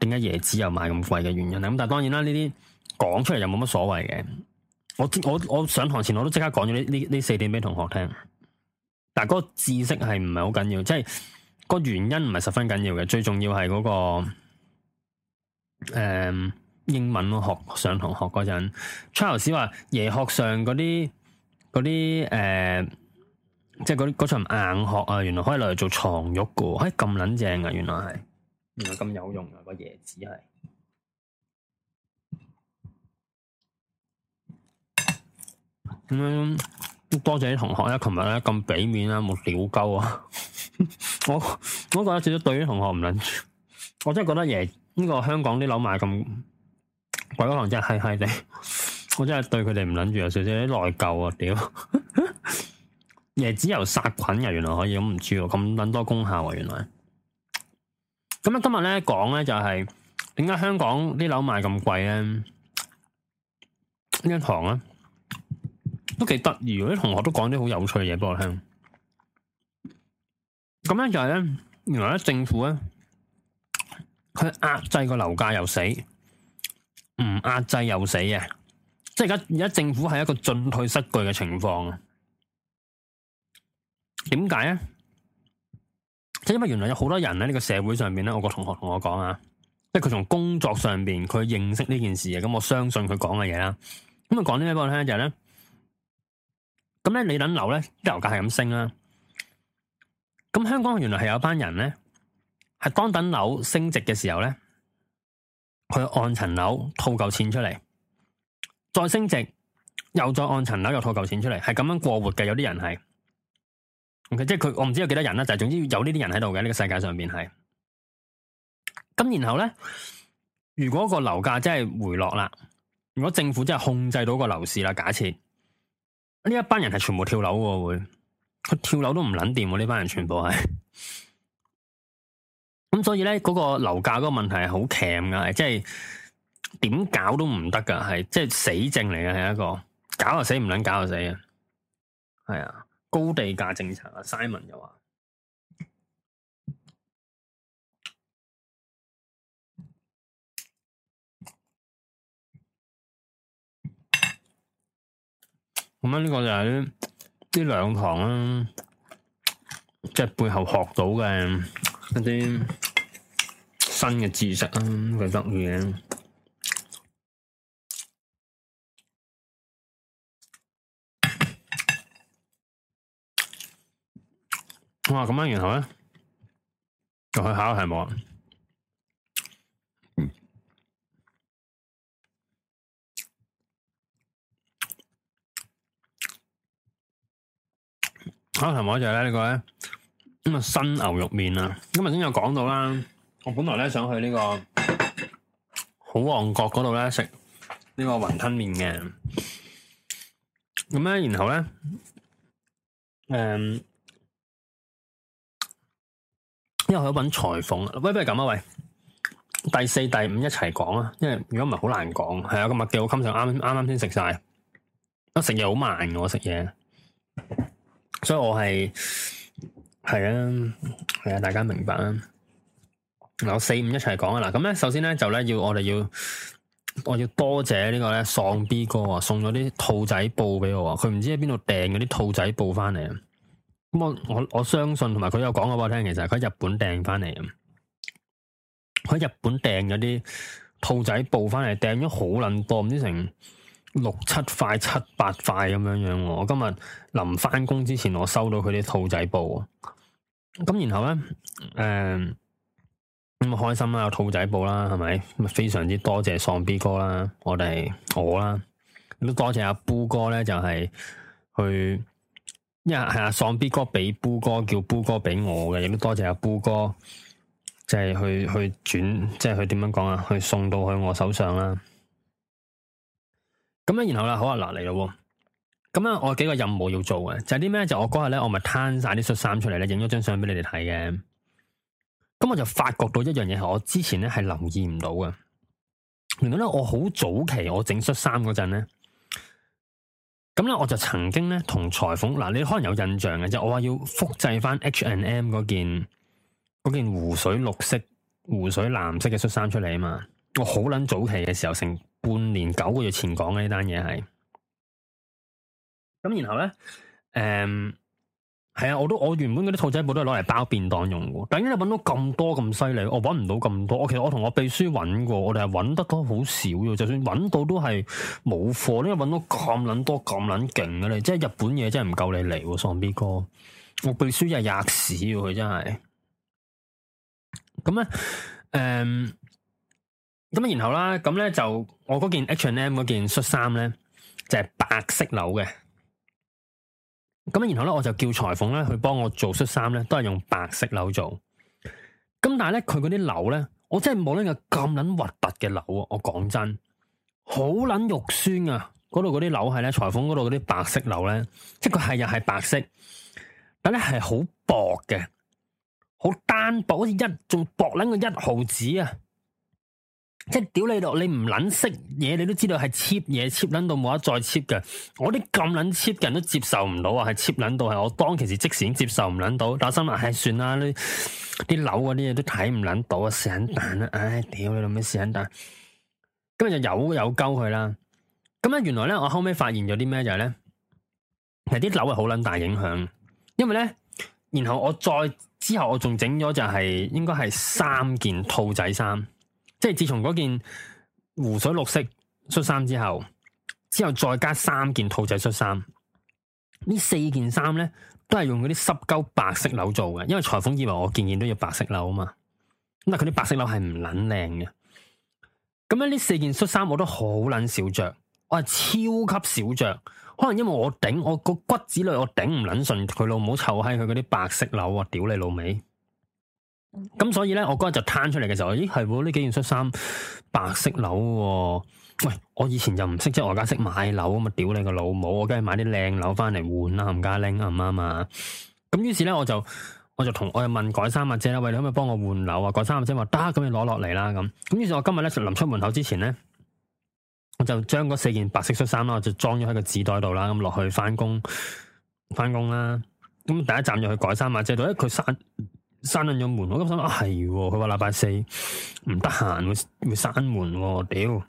點解椰子又賣咁貴嘅原因咧？咁但係當然啦，呢啲講出嚟又冇乜所謂嘅。我我我上堂前我都即刻講咗呢呢呢四點俾同學聽。但係嗰個知識係唔係好緊要，即係個原因唔係十分緊要嘅。最重要係嗰個誒英文咯。學上堂學嗰陣，Charles 話椰殼上嗰啲嗰啲誒，即係嗰嗰層硬殼啊，原來可以攞嚟做床褥噶。嘿咁撚正啊，原來係啊。原來咁有用啊！個椰子係咁樣，多謝啲同學咧。琴日咧咁俾面啦，冇屌鳩啊！ 我我覺得少少對啲同學唔諗住，我真係覺得椰呢、呢個香港啲樓賣咁鬼咁，真係閪閪地， 我真係對佢哋唔諗住有少少啲內疚啊！屌 椰子油殺菌嘅原來可以，咁唔知喎，咁撚多功效喎、啊、原來。咁啊，今日咧講咧就係點解香港啲樓賣咁貴咧？呢一堂啊，都幾得意啊！啲同學都講啲好有趣嘅嘢俾我聽。咁咧就係、是、咧，原來咧政府咧，佢壓制個樓價又死，唔壓制又死嘅，即係而家而家政府係一個進退失據嘅情況。點解啊？即因為原來有好多人咧，呢個社會上面咧，我個同學同我講啊，即係佢從工作上邊佢認識呢件事啊，咁我相信佢講嘅嘢啦。咁佢講啲咩俾我聽就係咧，咁咧你等樓咧，啲樓價係咁升啦，咁香港原來係有一班人咧，係當等樓升值嘅時候咧，佢按層樓套夠錢出嚟，再升值又再按層樓又套夠錢出嚟，係咁樣過活嘅，有啲人係。即係佢，我唔知有幾多人啦、啊，但係總之有呢啲人喺度嘅呢個世界上邊係。咁然後咧，如果個樓價真係回落啦，如果政府真係控制到個樓市啦，假設呢一班人係全部跳樓喎，會佢跳樓都唔撚掂喎，呢班人全部係。咁 所以咧，嗰、那個樓價嗰個問題係好鉗嘅，即係點搞都唔得噶，係即係死症嚟嘅，係一個搞又死唔撚，搞又死，搞死啊，係啊。高地價政策啊，Simon 又話，咁樣呢個就係呢兩堂啦、啊，即係背後學到嘅一啲新嘅知識啊，幾得意嘅。哇！咁啊，然後咧就去考題目。嗯，考題目就係咧呢個咧咁啊新牛肉麵啊！咁頭先有講到啦，我本來咧想去呢個好旺角嗰度咧食呢個雲吞麵嘅。咁咧，然後咧誒。嗯因為佢揾裁縫，喂，不如咁啊，喂，第四、第五一齊講啊，因為如果唔係好難講，係啊，個麥記我冚上，啱啱啱先食晒，我食嘢好慢嘅，我食嘢，所以我係係啊，係啊，大家明白啊，嗱，四五一齊講啊，嗱，咁咧首先咧就咧要我哋要，我要多謝呢個咧喪 B 哥啊，送咗啲兔仔布俾我啊，佢唔知喺邊度訂嗰啲兔仔布翻嚟啊。咁、嗯、我我我相信，同埋佢有講過俾我聽，其實佢喺日本訂翻嚟，佢喺日本訂嗰啲兔仔布翻嚟，訂咗好捻多，唔知成六七塊、七八塊咁樣樣。我今日臨翻工之前，我收到佢啲兔仔布。咁然後咧，誒、嗯、咁、嗯、開心啦、啊，有兔仔布啦，係咪？咁啊，非常之多謝喪 B 哥啦，我哋我啦，咁多謝阿 B 哥咧，就係、是、去。一係啊，喪 B 哥，俾 B 哥，叫 B 哥俾我嘅，亦都多謝阿 B 哥，即係去去轉，即係佢點樣講啊？去送到去我手上啦。咁樣然後啦，好啊，嗱嚟咯。咁樣我有幾個任務要做嘅，就係啲咩？就我嗰日咧，我咪攤晒啲恤衫出嚟咧，影咗張相俾你哋睇嘅。咁我就發覺到一樣嘢，係我之前咧係留意唔到嘅。原來咧，我好早期我整恤衫嗰陣咧。咁咧，我就曾經咧同裁縫嗱，你可能有印象嘅，就我話要複製翻 H and M 嗰件嗰件湖水綠色、湖水藍色嘅恤衫出嚟啊嘛，我好撚早期嘅時候，成半年九個月前講嘅呢單嘢係，咁然後咧，嗯、um。係啊，我都我原本嗰啲兔仔布都係攞嚟包便當用嘅，點解你搵到咁多咁犀利？我搵唔到咁多。我其實我同我秘書搵過，我哋係搵得多好少，就算搵到都係冇貨。因為搵到咁捻多咁捻勁嘅咧？即係日本嘢真係唔夠你嚟喎，喪 B 哥。我秘書真係吔屎，佢真係。咁咧，誒、嗯，咁然後啦，咁咧就我嗰件 H&M 咧，嗰件恤衫咧就係、是、白色紐嘅。咁然後咧，我就叫裁縫咧，去幫我做恤衫咧，都係用白色紐做。咁但係咧，佢嗰啲紐咧，我真係冇呢個咁捻核突嘅紐啊！我講真，好捻肉酸啊！嗰度嗰啲紐係咧，裁縫嗰度嗰啲白色紐咧，即係佢係又係白色，但係咧係好薄嘅，好單薄，好似一仲薄捻過一毫子啊！即係屌你落，你唔捻識嘢，你都知道係 cheap 嘢，cheap 捻到冇得再 cheap 嘅。我啲咁捻 cheap 嘅人都接受唔到啊，係 cheap 捻到，係我當其時即時接受唔捻到。打心話，唉，算啦，啲啲樓嗰啲嘢都睇唔捻到啊，死卵蛋啊，唉，屌你老味，死卵蛋。今日就有有鳩佢啦。咁咧，原來咧，我後尾發現咗啲咩就係、是、咧，其啲樓係好捻大影響。因為咧，然後我再之後我仲整咗就係、是、應該係三件兔仔衫。即係自從嗰件湖水綠色恤衫之後，之後再加三件兔仔恤衫，呢四件衫咧都係用嗰啲濕鳩白色紐做嘅，因為裁縫以為我件件都要白色紐啊嘛。咁但佢啲白色紐係唔撚靚嘅。咁呢呢四件恤衫我都好撚少着，我係超級少着。可能因為我頂我個骨子裏我頂唔撚順佢老母臭閪佢嗰啲白色紐啊！屌你老味。咁、 嗯、所以咧，我嗰日就攤出嚟嘅時候，咦係喎？呢幾件恤衫白色樓、啊，喂，我以前就唔識啫，即係我家識買樓啊嘛，屌你個老母，我梗係買啲靚樓翻嚟換啦，冚家拎係唔啱啊？咁於是咧，我就我就同我又問改衫阿姐啦，喂，你可唔可以幫我換樓啊？改衫阿姐話得，咁你攞落嚟啦，咁、嗯、咁、嗯嗯、於是我今日咧，就臨出門口之前咧，我就將嗰四件白色恤衫啦，我就裝咗喺個紙袋度啦，咁落去翻工翻工啦。咁第一站又去改衫阿姐到一佢衫。閂緊咗門，我咁心諗啊係，佢話禮拜四唔得閒會會閂門，屌，哦，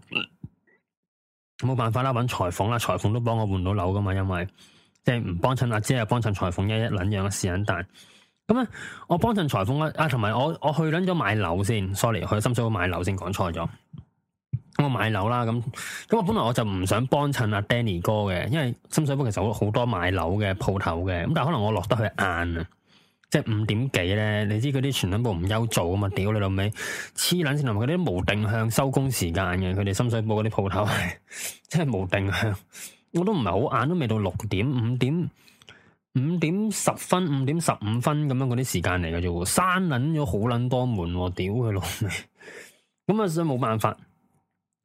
冇辦法啦，搵裁縫啦，裁縫都幫我換到樓噶嘛，因為即係唔幫襯阿姐啊，幫襯裁縫一一捻樣嘅事，但咁咧，我幫襯裁縫咧啊，同埋我我去捻咗買樓先，sorry，去深水埗買樓先講錯咗，咁我買樓啦，咁咁我本來我就唔想幫襯阿 Danny 哥嘅，因為深水埗其實好好多買樓嘅鋪頭嘅，咁但係可能我落得去晏啊。即係五點幾咧，你知嗰啲全捻部唔休做啊嘛，屌你老味，黐捻線同埋嗰啲冇定向收工時間嘅，佢哋深水埗嗰啲鋪頭係即係冇定向，我都唔係好晏，都未到六點，五點五點十分、五點十五分咁樣嗰啲時間嚟嘅啫，閂捻咗好捻多門，啊，屌佢老味，咁 啊所以冇辦法，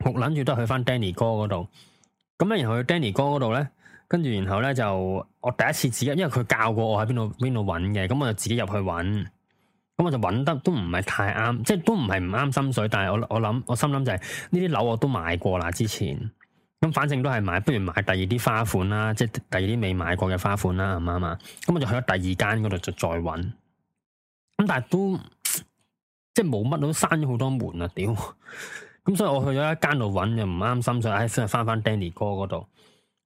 焗捻住都去翻 Danny 哥嗰度，咁咧然後去 Danny 哥嗰度咧。跟住，然後咧就我第一次自己，因為佢教過我喺邊度邊度揾嘅，咁、嗯、我就自己入去揾，咁、嗯、我就揾得都唔係太啱，即係都唔係唔啱心水。但係我我諗我心諗就係呢啲樓我都買過啦，之前咁、嗯、反正都係買，不如買第二啲花款啦，即係第二啲未買過嘅花款啦，係啱嘛嘛？咁、嗯嗯、我就去咗第二間嗰度就再揾，咁、嗯、但係都即係冇乜都閂咗好多門啊，屌！咁、 嗯、所以我去咗一間度揾又唔啱心水，唉、哎，先返返 Danny 哥嗰度。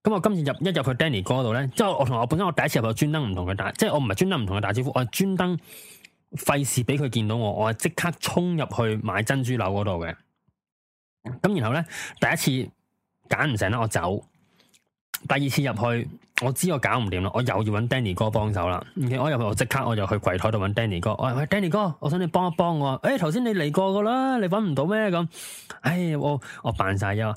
咁我今次入一入去 Danny 哥度咧，即係我同我，我本身我第一次入去專登唔同佢打，即係我唔係專登唔同佢打招呼，我係專登費事俾佢見到我，我係即刻衝入去買珍珠樓嗰度嘅。咁然後咧，第一次揀唔成啦，我走。第二次入去。我知我搞唔掂啦，我又要搵 Danny 哥幫手啦。我入去，我又我即刻我就去櫃台度搵 Danny 哥。喂喂，Danny 哥，我想你幫一幫我，欸、我。誒，頭先你嚟過噶啦，你搵唔到咩咁？誒，我我扮晒咗。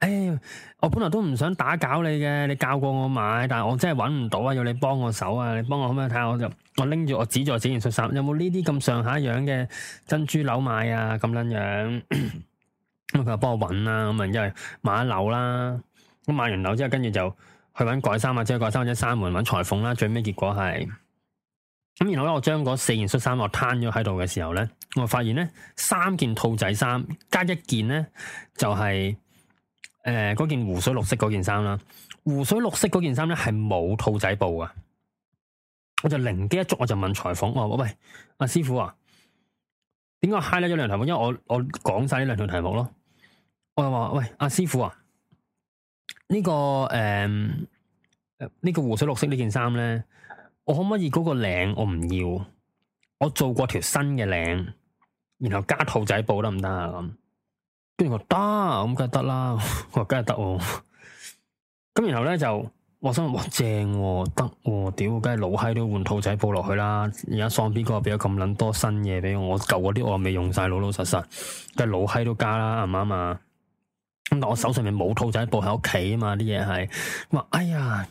誒，我本來都唔想打攪你嘅，你教過我買，但係我真係搵唔到啊，要你幫我手啊，你幫我可唔可以睇下，我就我拎住我紙在紙面出衫，有冇呢啲咁上下樣嘅珍珠樓買啊？咁捻樣，咁佢 就幫我搵啦。咁啊，因為買咗樓啦。咁買完樓之後，跟住就。去揾改衫啊，即係改衫或者刪門揾裁縫啦。最尾結果係咁，然後咧我將嗰四件恤衫我攤咗喺度嘅時候咧，我發現咧三件兔仔衫加一件咧就係誒嗰件湖水綠色嗰件衫啦。湖水綠色嗰件衫咧係冇兔仔布啊！我就靈機一觸，我就問裁縫：我話喂阿、啊、師傅啊，點解 high 咗兩條題目？因為我我講晒呢兩條題目咯。我又話喂阿、啊、師傅啊。呢、呢個誒，呢、嗯呢個湖水綠色件呢件衫咧，我可唔可以嗰個領我唔要？我做過條新嘅領，然後加兔仔布得唔得啊？咁跟住我得，咁梗係得啦，我梗係得喎。咁然後咧就我心話哇，正，得，屌，梗係老閪都換兔仔布落去啦。而家送邊個俾咗咁撚多新嘢俾我？我舊嗰啲我未用晒，老老實實，梗係老閪都加啦，啱唔啱啊？我手上面冇兔仔布喺屋企啊嘛，啲嘢係，話，哎呀，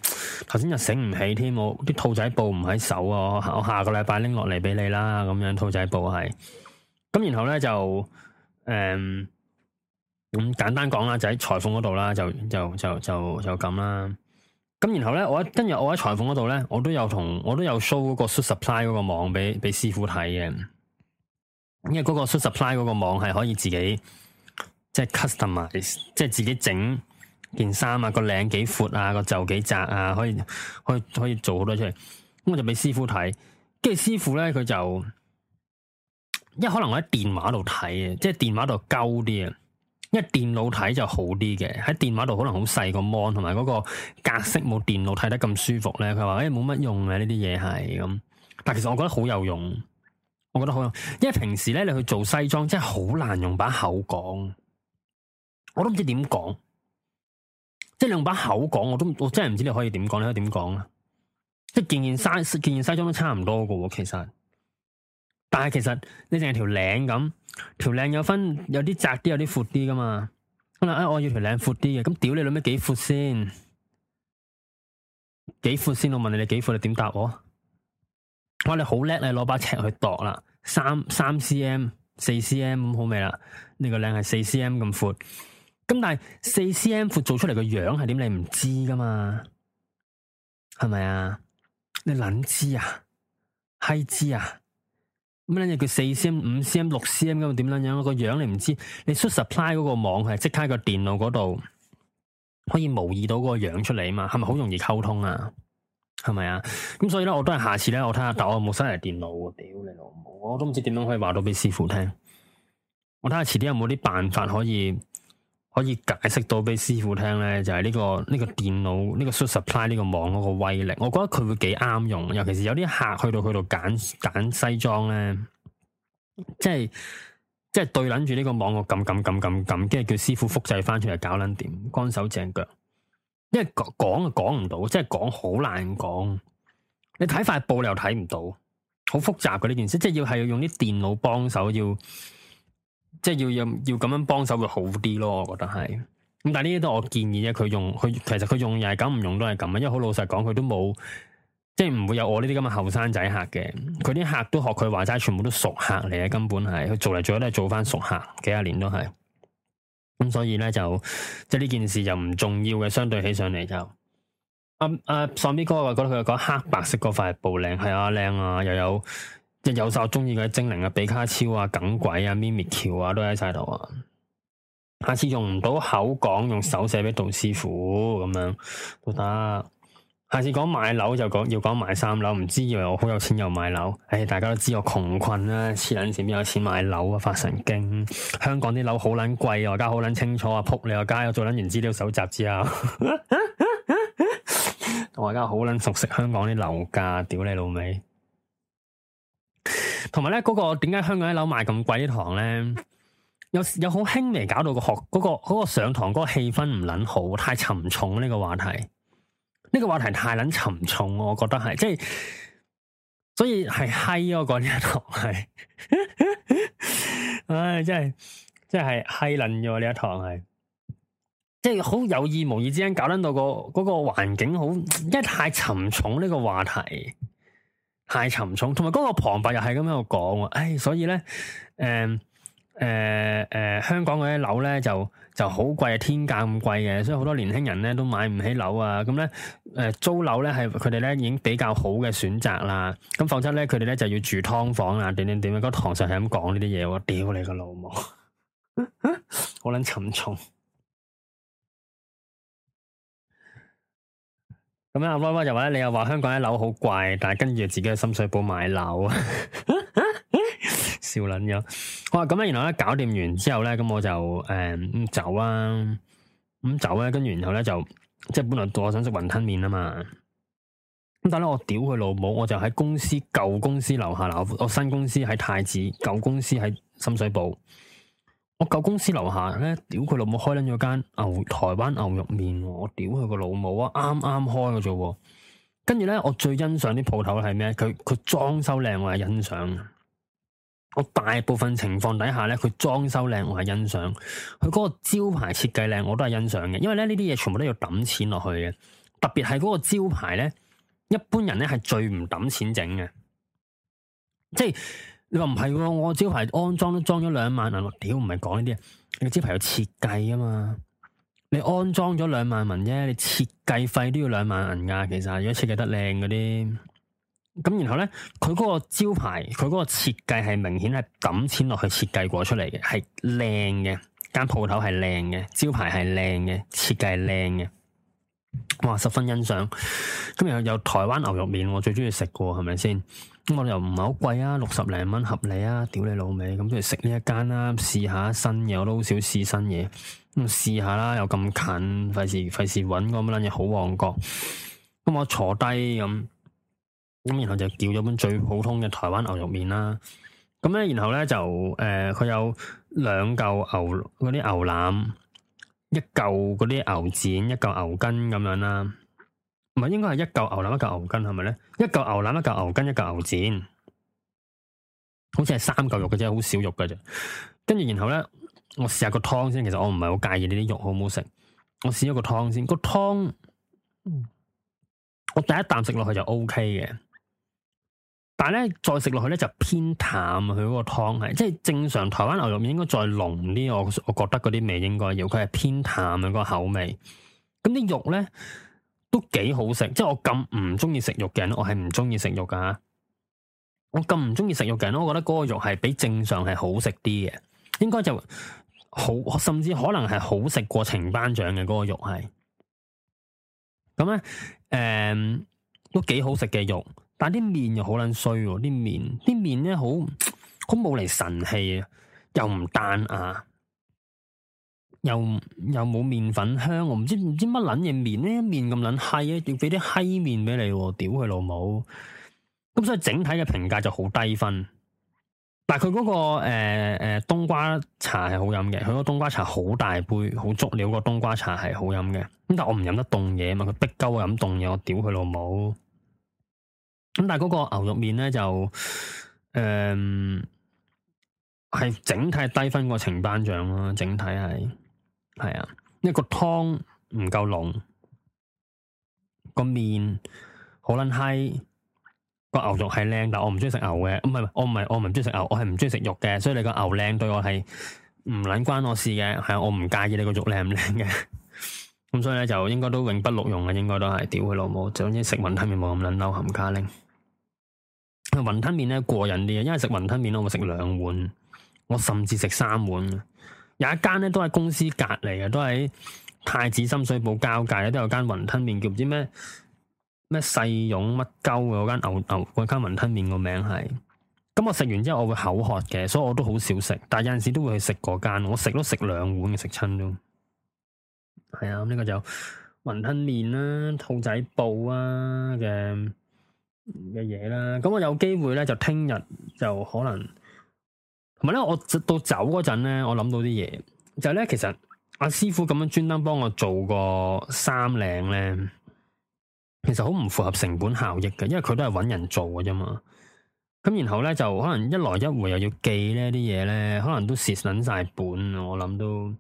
頭先就醒唔起添，我啲兔仔布唔喺手啊，我下個禮拜拎落嚟俾你啦，咁樣兔仔布係。咁然後咧就，誒、嗯，咁、嗯、簡單講啦，就喺裁縫嗰度啦，就就就就就咁啦。咁然後咧，我跟住我喺裁縫嗰度咧，我都有同我都有 show 嗰個 supply 嗰個網俾俾師傅睇嘅，因為嗰個 supply 嗰個網係可以自己。即係 customize，即係自己整件衫啊，個領幾闊啊，個袖幾窄啊，可以可以可以做好多出嚟。咁我就俾師傅睇，跟住師傅咧佢就因為可能我喺電話度睇嘅，即係電話度溝啲啊，因為電腦睇就好啲嘅。喺電話度可能好細個 mon，同埋嗰個格式冇電腦睇得咁舒服咧。佢話，誒，冇乜用嘅呢啲嘢係咁，但其實我覺得好有用，我覺得好用，因為平時咧你去做西裝真係好難用把口講。我都唔知點講，即係兩把口講，我都我真係唔知你可以點講，你可以點講啦。即係件件西件件西裝都差唔多噶喎、哦，其實。但係其實你淨係條領咁，條領有分有啲窄啲，有啲闊啲噶嘛。嗱、哎，啊我要條領闊啲嘅，咁屌你老味幾闊先？幾闊先？我問你你幾闊，你點答我？我話你好叻，你攞把尺去度啦，三三 cm, cm、嗯、四 cm 咁好未啦？呢個領係四 cm 咁闊。咁但係四 cm 闊做出嚟個樣係點？你唔知噶嘛？係咪啊？你捻知啊？係知啊？乜捻嘢？叫四 cm、五 cm、六 cm 咁點捻樣？個樣你唔知？你出 supply 嗰個網係即刻個電腦嗰度可以模擬到個樣出嚟啊嘛？係咪好容易溝通啊？係咪啊？咁所以咧、啊，我都係下次咧，我睇下，但我冇新嚟電腦，屌你老母，我都唔知點樣可以話到俾師傅聽。我睇下遲啲有冇啲辦法可以。可以解釋到俾師傅聽咧，就係呢個、呢個電腦、呢個 supply 呢個網嗰個威力，我覺得佢會幾啱用，尤其是有啲客去到佢度揀揀西裝咧，即係即係對捻住呢個網我撳撳撳撳撳，跟住叫師傅複製翻出嚟搞捻掂，乾手淨腳，因為講講唔到，即係講好難講，你睇塊布，你又睇唔到，好複雜嘅呢件事，即係要係要用啲電腦幫手要。即係要要要咁樣幫手會好啲咯，我覺得係。咁但係呢啲都我建議啫，佢用佢其實佢用又係咁唔用都係咁啊。因為好老實講，佢都冇即係唔會有我呢啲咁嘅後生仔客嘅。佢啲客都學佢話齋，全部都熟客嚟嘅。根本係佢做嚟做都係做翻熟客，幾廿年都係。咁、嗯、所以咧就即係呢件事就唔重要嘅，相對起上嚟就阿阿喪邊哥話得佢講黑白色嗰塊布靚，係啊靚啊又有。有時候中意嘅精靈啊，比卡超啊，梗鬼啊，咪咪橋啊，都喺晒度啊！下次用唔到口講，用手寫俾杜師傅咁樣都得、啊。下次講買樓就講，要講買三樓，唔知以為我好有錢又買樓。唉、哎，大家都知我窮困啊，黐捻綫邊有錢買樓啊！發神經，香港啲樓好捻貴，啊，而家好捻清楚啊！仆你個、啊、街。我做捻完資料搜集之後、啊， 我而家好捻熟悉香港啲樓價，屌你老味。同埋咧，嗰個點解香港一樓賣咁貴啲堂咧？有有好輕微搞到、嗰個學、嗰個、嗰個上堂嗰個氣氛唔捻好，太沉重呢個話題。呢、呢個話題太捻沉重，我覺得係即係，所以係嗨我講呢一堂係，唉、 哎，真係真係嗨捻咗呢一堂係，即係好有意無意之間搞捻到、嗰個嗰、嗰個環境好，因為太沉重呢個話題。太沉重，同埋嗰個旁白又係咁喺度講喎，唉，所以咧，誒誒誒，香港嗰啲樓咧就就好貴，天價咁貴嘅，所以好多年輕人咧都買唔起樓啊，咁咧誒租樓咧係佢哋咧已經比較好嘅選擇啦，咁況且咧佢哋咧就要住劏房啊，點點點，嗰個堂上係咁講呢啲嘢，屌你個老母，好撚沉重。啊啊 咁樣啊，威威、嗯、就話咧，你又話香港一樓好貴，但係跟住自己去深水埗買樓啊，笑撚咗，好樣。哇，咁樣然後咧搞掂完之後咧，咁我就誒、嗯、走啊，咁走咧、啊，跟住然後咧就即係本來我想食雲吞麵啊嘛，咁但係咧我屌佢老母，我就喺公司舊公司樓下樓，我新公司喺太子，舊公司喺深水埗。我舊公司樓下咧，屌佢老母開緊咗間牛台灣牛肉麵，我屌佢個老母啊，啱啱開嘅啫。跟住咧，我最欣賞啲鋪頭係咩？佢佢裝修靚，我係欣賞。我大部分情況底下咧，佢裝修靚，我係欣賞。佢嗰個招牌設計靚，我都係欣賞嘅。因為咧呢啲嘢全部都要抌錢落去嘅，特別係嗰個招牌咧，一般人咧係最唔抌錢整嘅，即係。你話唔係喎，我招牌安裝都裝咗兩萬銀。我屌唔係講呢啲啊！你招牌有設計啊嘛，你安裝咗兩萬蚊啫，你設計費都要兩萬銀噶。其實如果設計得靚嗰啲，咁然後咧，佢嗰個招牌佢嗰個設計係明顯係抌錢落去設計過出嚟嘅，係靚嘅，間鋪頭係靚嘅，招牌係靚嘅，設計係靚嘅。哇！十分欣賞。咁又有，有台灣牛肉麵，我最中意食嘅喎，係咪先？咁我又唔係好貴啊，六十零蚊合理啊，屌你老味！咁不如食呢一間啦，試下新嘢，我都好少試新嘢，咁試下啦，又咁近，費事費事搵嗰乜嘢好旺角。咁我坐低咁，咁然後就叫咗碗最普通嘅台灣牛肉麵啦。咁咧，然後咧就誒，佢、呃、有兩嚿牛啲牛腩，一嚿嗰啲牛展，一嚿牛，牛筋咁樣啦。唔係，應該係一嚿牛腩，一嚿牛筋，係咪咧？一嚿牛腩，一嚿牛筋，一嚿牛展，好似係三嚿肉嘅啫，好少肉嘅啫。跟住然後咧，我試下個湯先。其實我唔係好介意呢啲肉好唔好食。我試咗個湯先，個湯，我第一啖食落去就 O K 嘅。但係咧，再食落去咧就偏淡。佢嗰個湯係，即係正常台灣牛肉麵應該再濃啲。我我覺得嗰啲味應該要，佢係偏淡嘅嗰個口味。咁啲肉咧。都幾好食，即係我咁唔中意食肉嘅人，我係唔中意食肉噶。我咁唔中意食肉嘅人，我覺得嗰個肉係比正常係好食啲嘅，應該就好，甚至可能係好食過程班長嘅嗰，那個肉係。咁咧，誒、嗯，都幾好食嘅肉，但係啲麵又好撚衰，啲麵啲麵咧好好冇嚟神氣，又唔彈啊！又又冇麵粉香、啊，我唔知唔知乜捻嘢麵呢？麵咁捻閪啊！要畀啲閪麵畀你喎、啊，屌佢老母！咁所以整體嘅評價就好低分。但係佢嗰個誒誒、呃呃、冬瓜茶係好飲嘅，佢個冬瓜茶好大杯，好足料個冬瓜茶係好飲嘅。咁但係我唔飲得凍嘢啊嘛，佢逼鳩我飲凍嘢，我屌佢老母！咁但係嗰個牛肉麵咧就誒係、呃、整體低分過程班長咯、啊，整體係。係啊，一個湯唔夠濃，個麵好撚閪，個牛肉係靚，但我唔中意食牛嘅，唔係，我唔係我唔中意食牛，我係唔中意食肉嘅，所以你個牛靚對我係唔撚關我事嘅，係啊，我唔介意你個肉靚唔靚嘅，咁、 嗯、所以咧就應該都永不錄用啊。應該都係，屌佢老母，就總之食雲吞麵冇咁撚嬲，冚家拎雲吞麵咧過癮啲啊，因為食雲吞麵我會食兩碗，我甚至食三碗。有一間咧都喺公司隔離嘅，都喺太子深水埗交界咧，都有間雲吞麵叫唔知咩咩細蓉乜鳩嘅，嗰間牛牛嗰間雲吞麵個名係。咁我食完之後我會口渴嘅，所以我都好少食。但係有陣時都會去食嗰間，我食都食兩碗嘅，食親咯。係啊，咁呢個就雲吞麵啦、兔仔布啊嘅嘅嘢啦。咁我有機會咧就聽日就可能。同埋咧，我到走嗰陣咧，我諗到啲嘢，就咧其實阿師傅咁樣專登幫我做個衫領咧，其實好唔符合成本效益嘅，因為佢都係搵人做嘅啫嘛。咁然後咧就可能一來一回又要記呢啲嘢咧，可能都蝕捻晒本。我諗都，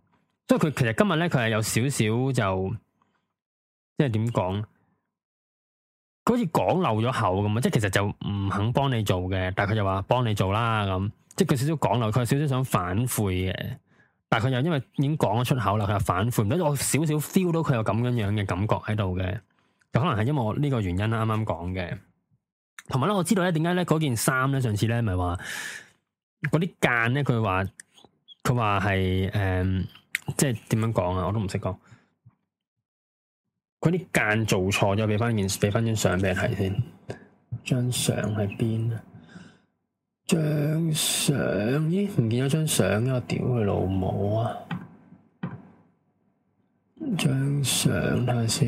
即係佢其實今日咧佢係有少少就即係點講，好似講漏咗口咁嘛，即係其實就唔肯幫你做嘅，但係佢就話幫你做啦咁。即係佢少少講落，佢係少少想反悔嘅，但係佢又因為已經講咗出口啦，佢又反悔，唔得，我少少 feel 到佢有咁樣樣嘅感覺喺度嘅，就可能係因為我呢個原因啱啱講嘅。同埋咧，我知道咧，點解咧嗰件衫咧上次咧咪話嗰啲間咧佢話佢話係誒，即係點樣講啊？我都唔識講。嗰啲間做錯咗，俾翻件俾翻張相俾你睇先。張相喺邊啊？張相咦，唔見咗張相啊！屌佢老母啊！張相睇下先。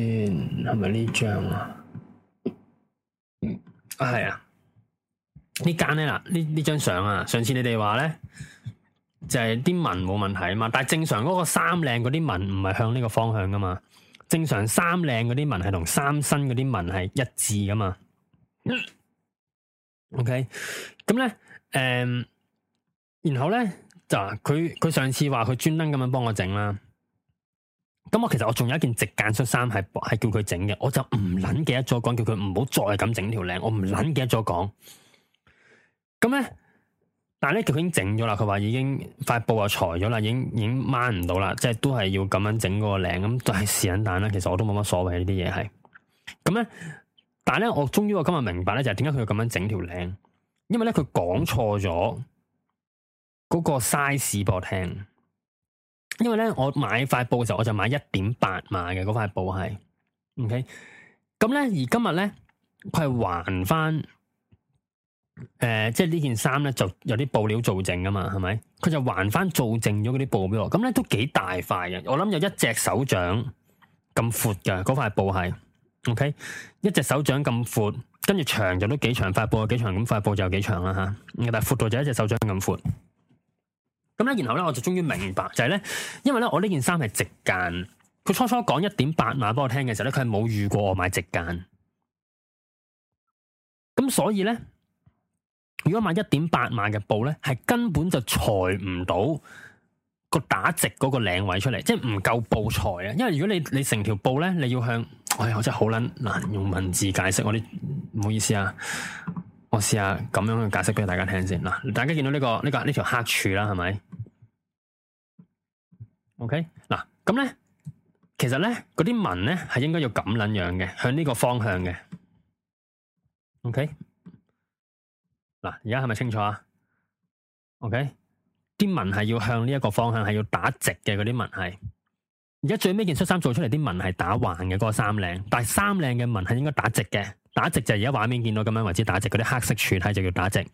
係咪呢張啊？嗯啊，係啊，呢間咧嗱，呢呢張相啊，上次你哋話咧就係啲紋冇問題啊嘛，但係正常嗰個衫領嗰啲紋唔係向呢個方向噶嘛，正常衫領嗰啲紋係同衫身嗰啲紋係一致噶嘛。OK 咁咧。誒、嗯，然後咧，就佢佢上次話佢專登咁樣幫我整啦，咁我其實我仲有一件直間恤衫係係叫佢整嘅，我就唔捻記得咗講，叫佢唔好再咁整條領，我唔捻記得咗講。咁咧，但係咧佢已經整咗啦，佢話已經塊布又裁咗啦，已經已經掹唔到啦，即係都係要咁樣整嗰個領，咁就係試卵蛋啦。其實我都冇乜所謂呢啲嘢係，咁咧，但係咧我終於我今日明白咧，就係點解佢要咁樣整條領。因為咧佢講錯咗嗰個 size 俾我聽，因為咧我買塊布嘅時候我就買一點八碼嘅嗰塊布係，OK，咁咧而今日咧佢係還翻，誒、呃、即係呢件衫咧就有啲布料做剩㗎嘛，係咪？佢就還翻做剩咗嗰啲布俾我，咁咧都幾大塊嘅，我諗有一隻手掌咁闊嘅嗰塊布係。OK，一隻手掌咁闊，跟住長就都幾長，塊布幾長咁，塊布就有幾長啦嚇。但係闊度就一隻手掌咁闊。咁咧，然後咧，我就終於明白就係咧，因為咧，我呢件衫係直間，佢初初講一點八碼畀我聽嘅時候咧，佢係冇預過我買直間。咁所以咧，如果買一點八碼嘅布咧，係根本就裁唔到。個打直嗰個領位出嚟，即係唔夠布裁啊！因為如果你你成條布咧，你要向，哎我真係好捻難用文字解釋，我啲唔好意思啊，我試下咁樣嘅解釋俾大家聽先嗱，大家見到呢、這個呢、這個呢條、這個這個、黑柱啦，係咪？OK 嗱，咁咧，其實咧嗰啲紋咧係應該要咁捻樣嘅，向呢個方向嘅。OK 嗱，而家係咪清楚啊？OK。啲紋係要向呢一個方向，係要打直嘅嗰啲紋係。而家最尾件恤衫做出嚟，啲紋係打橫嘅嗰個衫領，但係衫領嘅紋係應該打直嘅，打直就係而家畫面見到咁樣為之打直，嗰啲黑色柱體就要打直。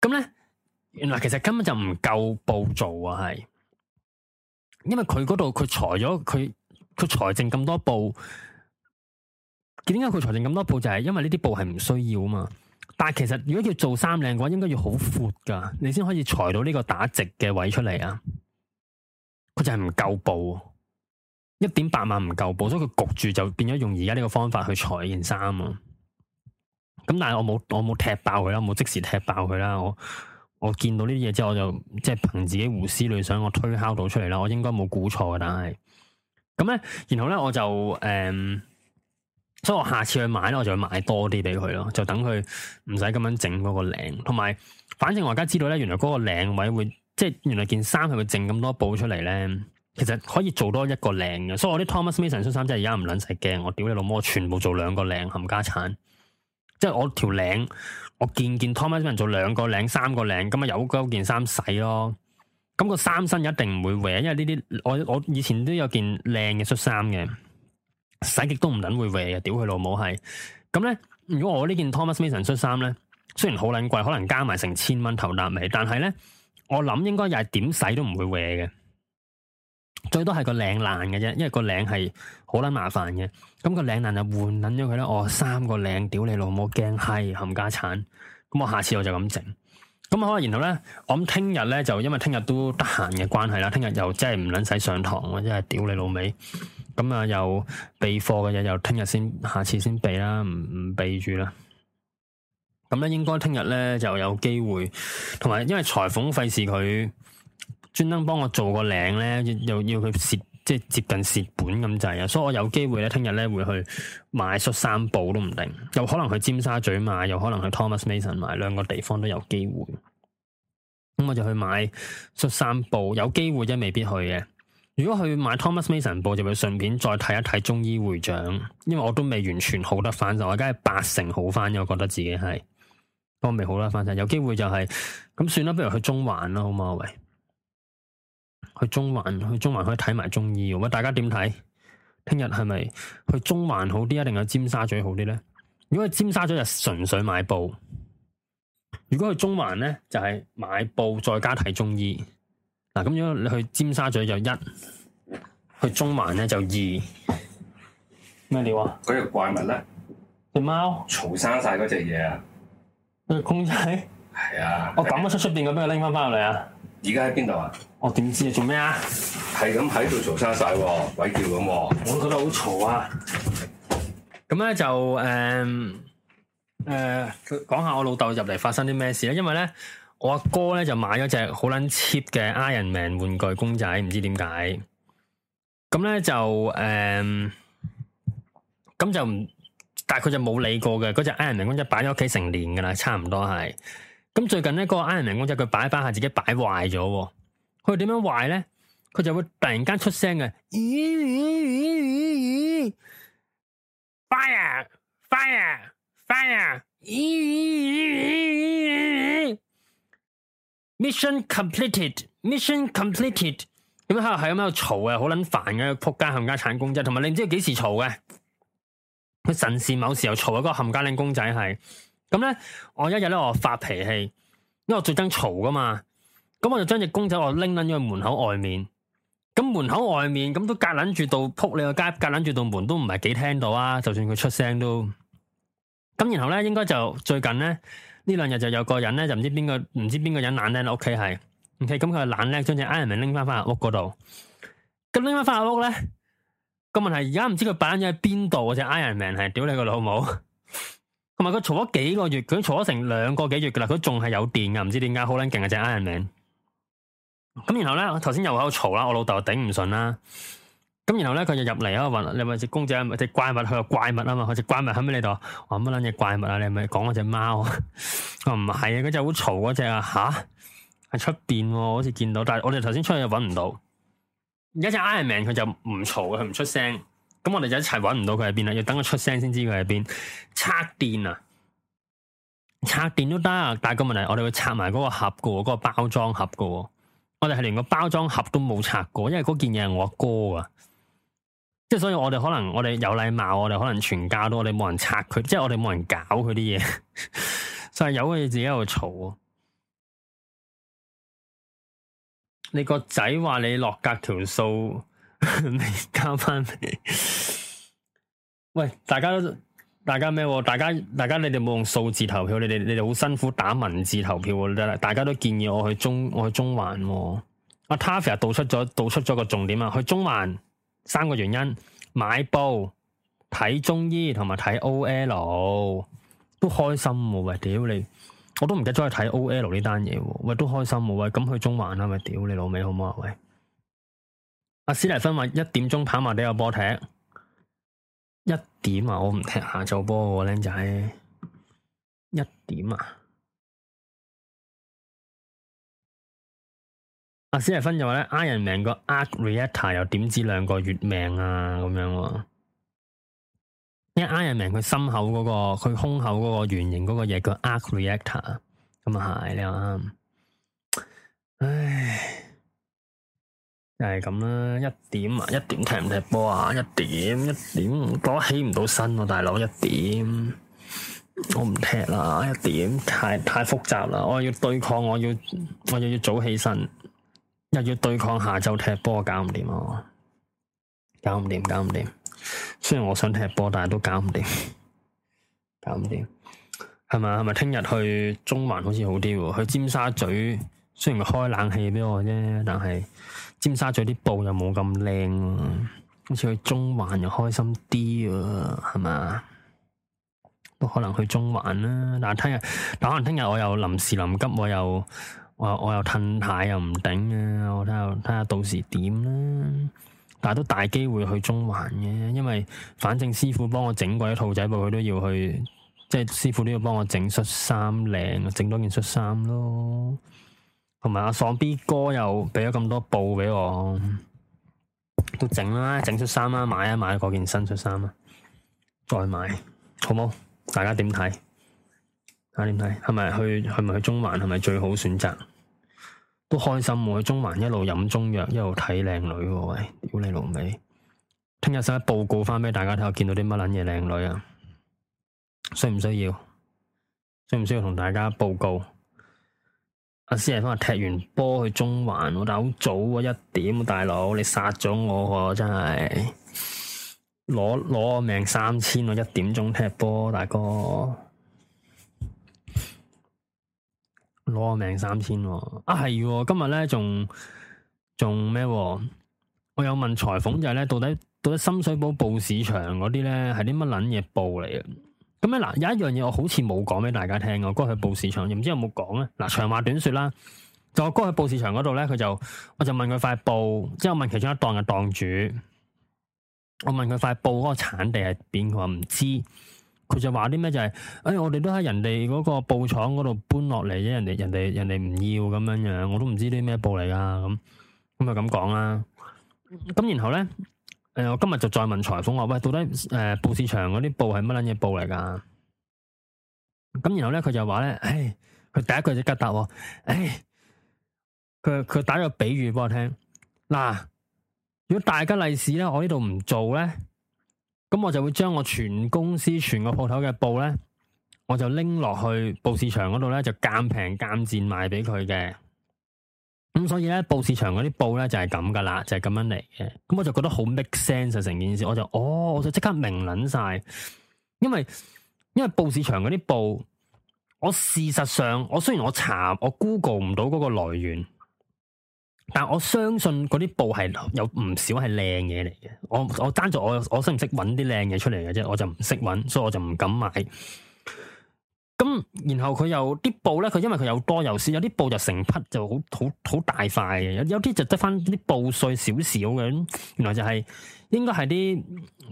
咁咧，原來其實根本就唔夠布做啊，係，因為佢嗰度佢裁咗佢佢裁剩咁多布，點解佢裁剩咁多布？就係、是、因為呢啲布係唔需要啊嘛。但係其實如果要做衫靚嘅話，應該要好闊噶，你先可以裁到呢個打直嘅位出嚟啊。佢就係唔夠布，一點八萬唔夠布，所以佢焗住就變咗用而家呢個方法去裁件衫啊。咁但係我冇我冇踢爆佢啦，冇即時踢爆佢啦，我我見到呢啲嘢之後，我就即係憑自己胡思亂想，我推敲到出嚟啦，我應該冇估錯嘅，但係咁咧，然後咧我就誒。嗯所以我下次去買咧，我就會買多啲俾佢咯，就等佢唔使咁樣整嗰個領。同埋，反正我而家知道咧，原來嗰個領位會，即係原來件衫係會剩咁多布出嚟咧，其實可以做多一個領嘅。所以我啲 Thomas Mason 恤衫真係而家唔撚使驚，我屌你老母，我全部做兩個領冚家產。即係我條領，我件件 Thomas Mason 做兩個領、三個領，咁咪有嗰件衫洗咯。咁個衫身一定唔會歪，因為呢啲我我以前都有件靚嘅恤衫嘅。洗極都唔撚會 wear 嘅，屌佢老母係。咁咧，如果我呢件 Thomas Mason 恤衫咧，雖然好撚貴，可能加埋成千蚊頭攬尾，但係咧，我諗應該又係點洗都唔會 wear 嘅。最多係個領爛嘅啫，因為個領係好撚麻煩嘅。咁個領爛就換撚咗佢啦。我、哦、三個領，屌你老母驚閪冚家鏟。咁我下次我就咁整。咁啊，然後咧，我諗聽日咧就因為聽日都得閒嘅關係啦，聽日又真係唔撚使上堂，真係屌你老尾。咁啊、嗯，又備貨嘅嘢，又聽日先，下次先備啦，唔唔備住啦。咁、嗯、咧，應該聽日咧就有機會，同埋因為裁縫費事佢專登幫我做個領咧，又要佢蝕，即係接近蝕本咁滯啊。所以我有機會咧，聽日咧會去買恤衫布都唔定，有可能去尖沙咀買，有可能去 Thomas Mason 買，兩個地方都有機會。咁、嗯、我就去買恤衫布，有機會啫，未必去嘅。如果去買 Thomas Mason 布，就會順便再睇一睇中醫會長，因為我都未完全好得翻，就我而家係八成好翻，我覺得自己係都未好得翻晒，有機會就係、是、咁算啦，不如去中環啦，好嘛？喂，去中環，去中環可以睇埋中醫，咁大家點睇？聽日係咪去中環好啲啊，定係尖沙咀好啲咧？如果去尖沙咀就純粹買布，如果去中環咧，就係、是、買布再加睇中醫。嗱，咁樣你去尖沙咀就一，去中環咧就二。咩料啊？嗰隻怪物咧？隻貓嘈生晒嗰隻嘢啊！隻公仔？係啊！我抌咗出出邊，我俾佢拎翻翻入嚟啊！而家喺邊度啊？我點知啊？做咩啊？係咁喺度嘈生晒，鬼叫咁。我覺得好嘈啊！咁咧就誒誒，講、嗯嗯、下我老豆入嚟發生啲咩事啊？因為咧。我阿哥咧就買咗隻好捻 cheap 嘅 Iron Man 玩具公仔，唔知點解。咁咧就誒，咁就但係佢就冇理過嘅。嗰隻 Iron Man 公仔擺咗喺屋企成年噶啦，差唔多係。咁最近咧個 Iron Man 公仔佢擺翻下自己擺壞咗，佢點樣壞咧？佢就會突然間出聲嘅，咦咦咦咦咦，fire fire fire，咦咦咦咦咦。Mission completed. Mission completed. 咁喺度係咁喺度嘈啊，好捻煩嘅仆街冚家鏟公仔，同埋你唔知幾時嘈嘅？佢神時某時又嘈一嗰個冚家靚公仔係咁咧。我一日咧我發脾氣，因為我最憎嘈噶嘛。咁我就將隻公仔我拎捻咗去門口外面。咁門口外面咁都隔捻住道扑你個街，隔捻住道門都唔係幾聽到啊。就算佢出聲都咁，然後咧應該就最近咧。呢兩日就有個人咧，就唔知邊個唔知邊個人懶叻，OK，嗯、喺屋企係，ok，咁佢係懶叻，將隻 Iron Man 拎翻翻屋嗰度。咁拎翻翻屋咧，個問題而家唔知佢擺咗喺邊度啊？隻 Iron Man 係，屌你個老母！同埋佢嘈咗幾個月，佢嘈咗成兩個幾月噶啦，佢仲係有電噶，唔知點解好撚勁啊隻 Iron Man！咁然後咧，我頭先又喺度嘈啦，我老豆頂唔順啦。咁然後咧，佢就入嚟咯，我問你咪隻公仔，隻怪物佢係怪物啊嘛，佢隻怪物喺咪你度？話乜捻嘢怪物啊？你咪講嗰隻貓？哦唔係啊，佢、那、就、個那個、好嘈嗰隻啊，吓喺出邊喎，好似見到，但係我哋頭先出去又搵唔到。而家隻 Iron Man 佢就唔嘈佢唔出聲。咁我哋就一齊搵唔到佢喺邊啦，要等佢出聲先知佢喺邊。拆電啊，拆電都得，但係個問題，我哋會拆埋嗰個盒噶，嗰、那個包裝盒噶。我哋係連個包裝盒都冇拆過，因為嗰件嘢係我阿哥啊。即係所以我哋可能我哋有禮貌，我哋可能全家都我哋冇人拆佢，即係我哋冇人搞佢啲嘢，就 以有佢自己喺度嘈。啊。你個仔話你落格條數你交翻嚟？ 沒 喂，大家都大家咩？大家大家，大家你哋冇用數字投票，你哋你哋好辛苦打文字投票得啦。大家都建議我去中我去中環、哦。阿、啊、Taff 又道出咗道出咗個重點啊，去中環。三個原因，買報睇中醫同埋睇 OL 都開心喎喂，屌你，我都唔記得咗去睇 OL 呢單嘢喎喂，都開心喎喂，咁去中環啦咪，屌你老味好唔好啊喂，阿史蒂芬話一點鐘跑馬地有波踢，一點啊，我唔踢下晝波喎靚仔，一點啊。阿斯利分又話咧，Iron Man 個 Arc Reactor 又點知兩個月命啊，咁樣、啊。因為 Iron Man 佢心口嗰、個，佢胸口嗰個圓形嗰個嘢叫 Arc Reactor，咁啊係你話。唉，又係咁啦，一點啊，一點踢唔踢波啊？一點一點，我起唔到身喎、啊，大佬，一點我唔踢啦，一點太太複雜啦，我要對抗，我要我又要,要早起身。又要對抗下晝踢波，搞唔掂啊！搞唔掂，搞唔掂。雖然我想踢波，但係都搞唔掂，搞唔掂。係咪？係咪？聽日去中環好似好啲喎。去尖沙咀雖然開冷氣俾我啫，但係尖沙咀啲布又冇咁靚咯。好似去中環又開心啲啊，係咪？都可能去中環啦。但係聽日，但可能聽日我又臨時臨急，我又。我又褪軚又唔頂啊！我睇下睇下，到時點啦。但係都大機會去中環嘅，因為反正師傅幫我整鬼兔仔布，佢都要去，即係師傅都要幫我整恤衫靚，整多件恤衫咯。同埋阿爽 B 哥又俾咗咁多布俾我，都整啦，整恤衫啦，買啊買嗰、啊、件新恤衫啊，再買好冇？大家點睇？大家點睇？係咪去係咪去中環係咪最好選擇？都開心喎、啊，去中環一路飲中藥，一路睇靚女喎、啊，喂！屌你老味！聽日先報告翻俾大家睇，我見到啲乜捻嘢靚女啊？需唔需要？需唔需要同大家報告？阿師係翻踢完波去中環，好早啊一點，大佬你殺咗我喎，真係攞攞命三千啊一點鐘踢波，大哥。攞我命三千、哦、啊！係、哦、今日咧，仲仲咩？我有問裁縫就係咧，到底到底深水埗布市場嗰啲咧係啲乜撚嘢布嚟嘅？咁咧嗱，有一樣嘢我好似冇講俾大家聽，我哥去布市場，唔知有冇講咧？嗱、啊，長話短說啦，就我哥去布市場嗰度咧，佢就我就問佢塊布，即係我問其中一檔嘅檔主，我問佢塊布嗰個產地係邊，佢話唔知。佢就話啲咩就係、是，哎，我哋都喺人哋嗰個布廠嗰度搬落嚟啫，人哋人哋人哋唔要咁樣樣，我都唔知啲咩布嚟噶，咁咁就咁講啦。咁然後咧，誒、哎、我今日就再問裁縫話，喂，到底誒、呃、布市場嗰啲布係乜撚嘢布嚟噶？咁然後咧，佢就話咧，唉、哎，佢第一句就吉答喎，唉、哎，佢佢打個比喻俾我聽，嗱，如果大吉利是咧，我呢度唔做咧。咁我就會將我全公司全個鋪頭嘅布咧，我就拎落去布市場嗰度咧，就減平減賤賣俾佢嘅。咁所以咧，布市場嗰啲布咧就係咁噶啦，就係咁樣嚟嘅。咁我就覺得好 make sense 就成件事，我就哦，我就即刻明撚晒，因為因為布市場嗰啲布，我事實上我雖然我查我 Google 唔到嗰個來源。但我相信嗰啲布係有唔少係靚嘢嚟嘅，我我單做我我識唔識搵啲靚嘢出嚟嘅啫，我就唔識搵，所以我就唔敢買。咁然後佢又啲布咧，佢因為佢有多又少，有啲布就成匹就好好好大塊嘅，有有啲就得翻啲布碎少少嘅。原來就係、是、應該係啲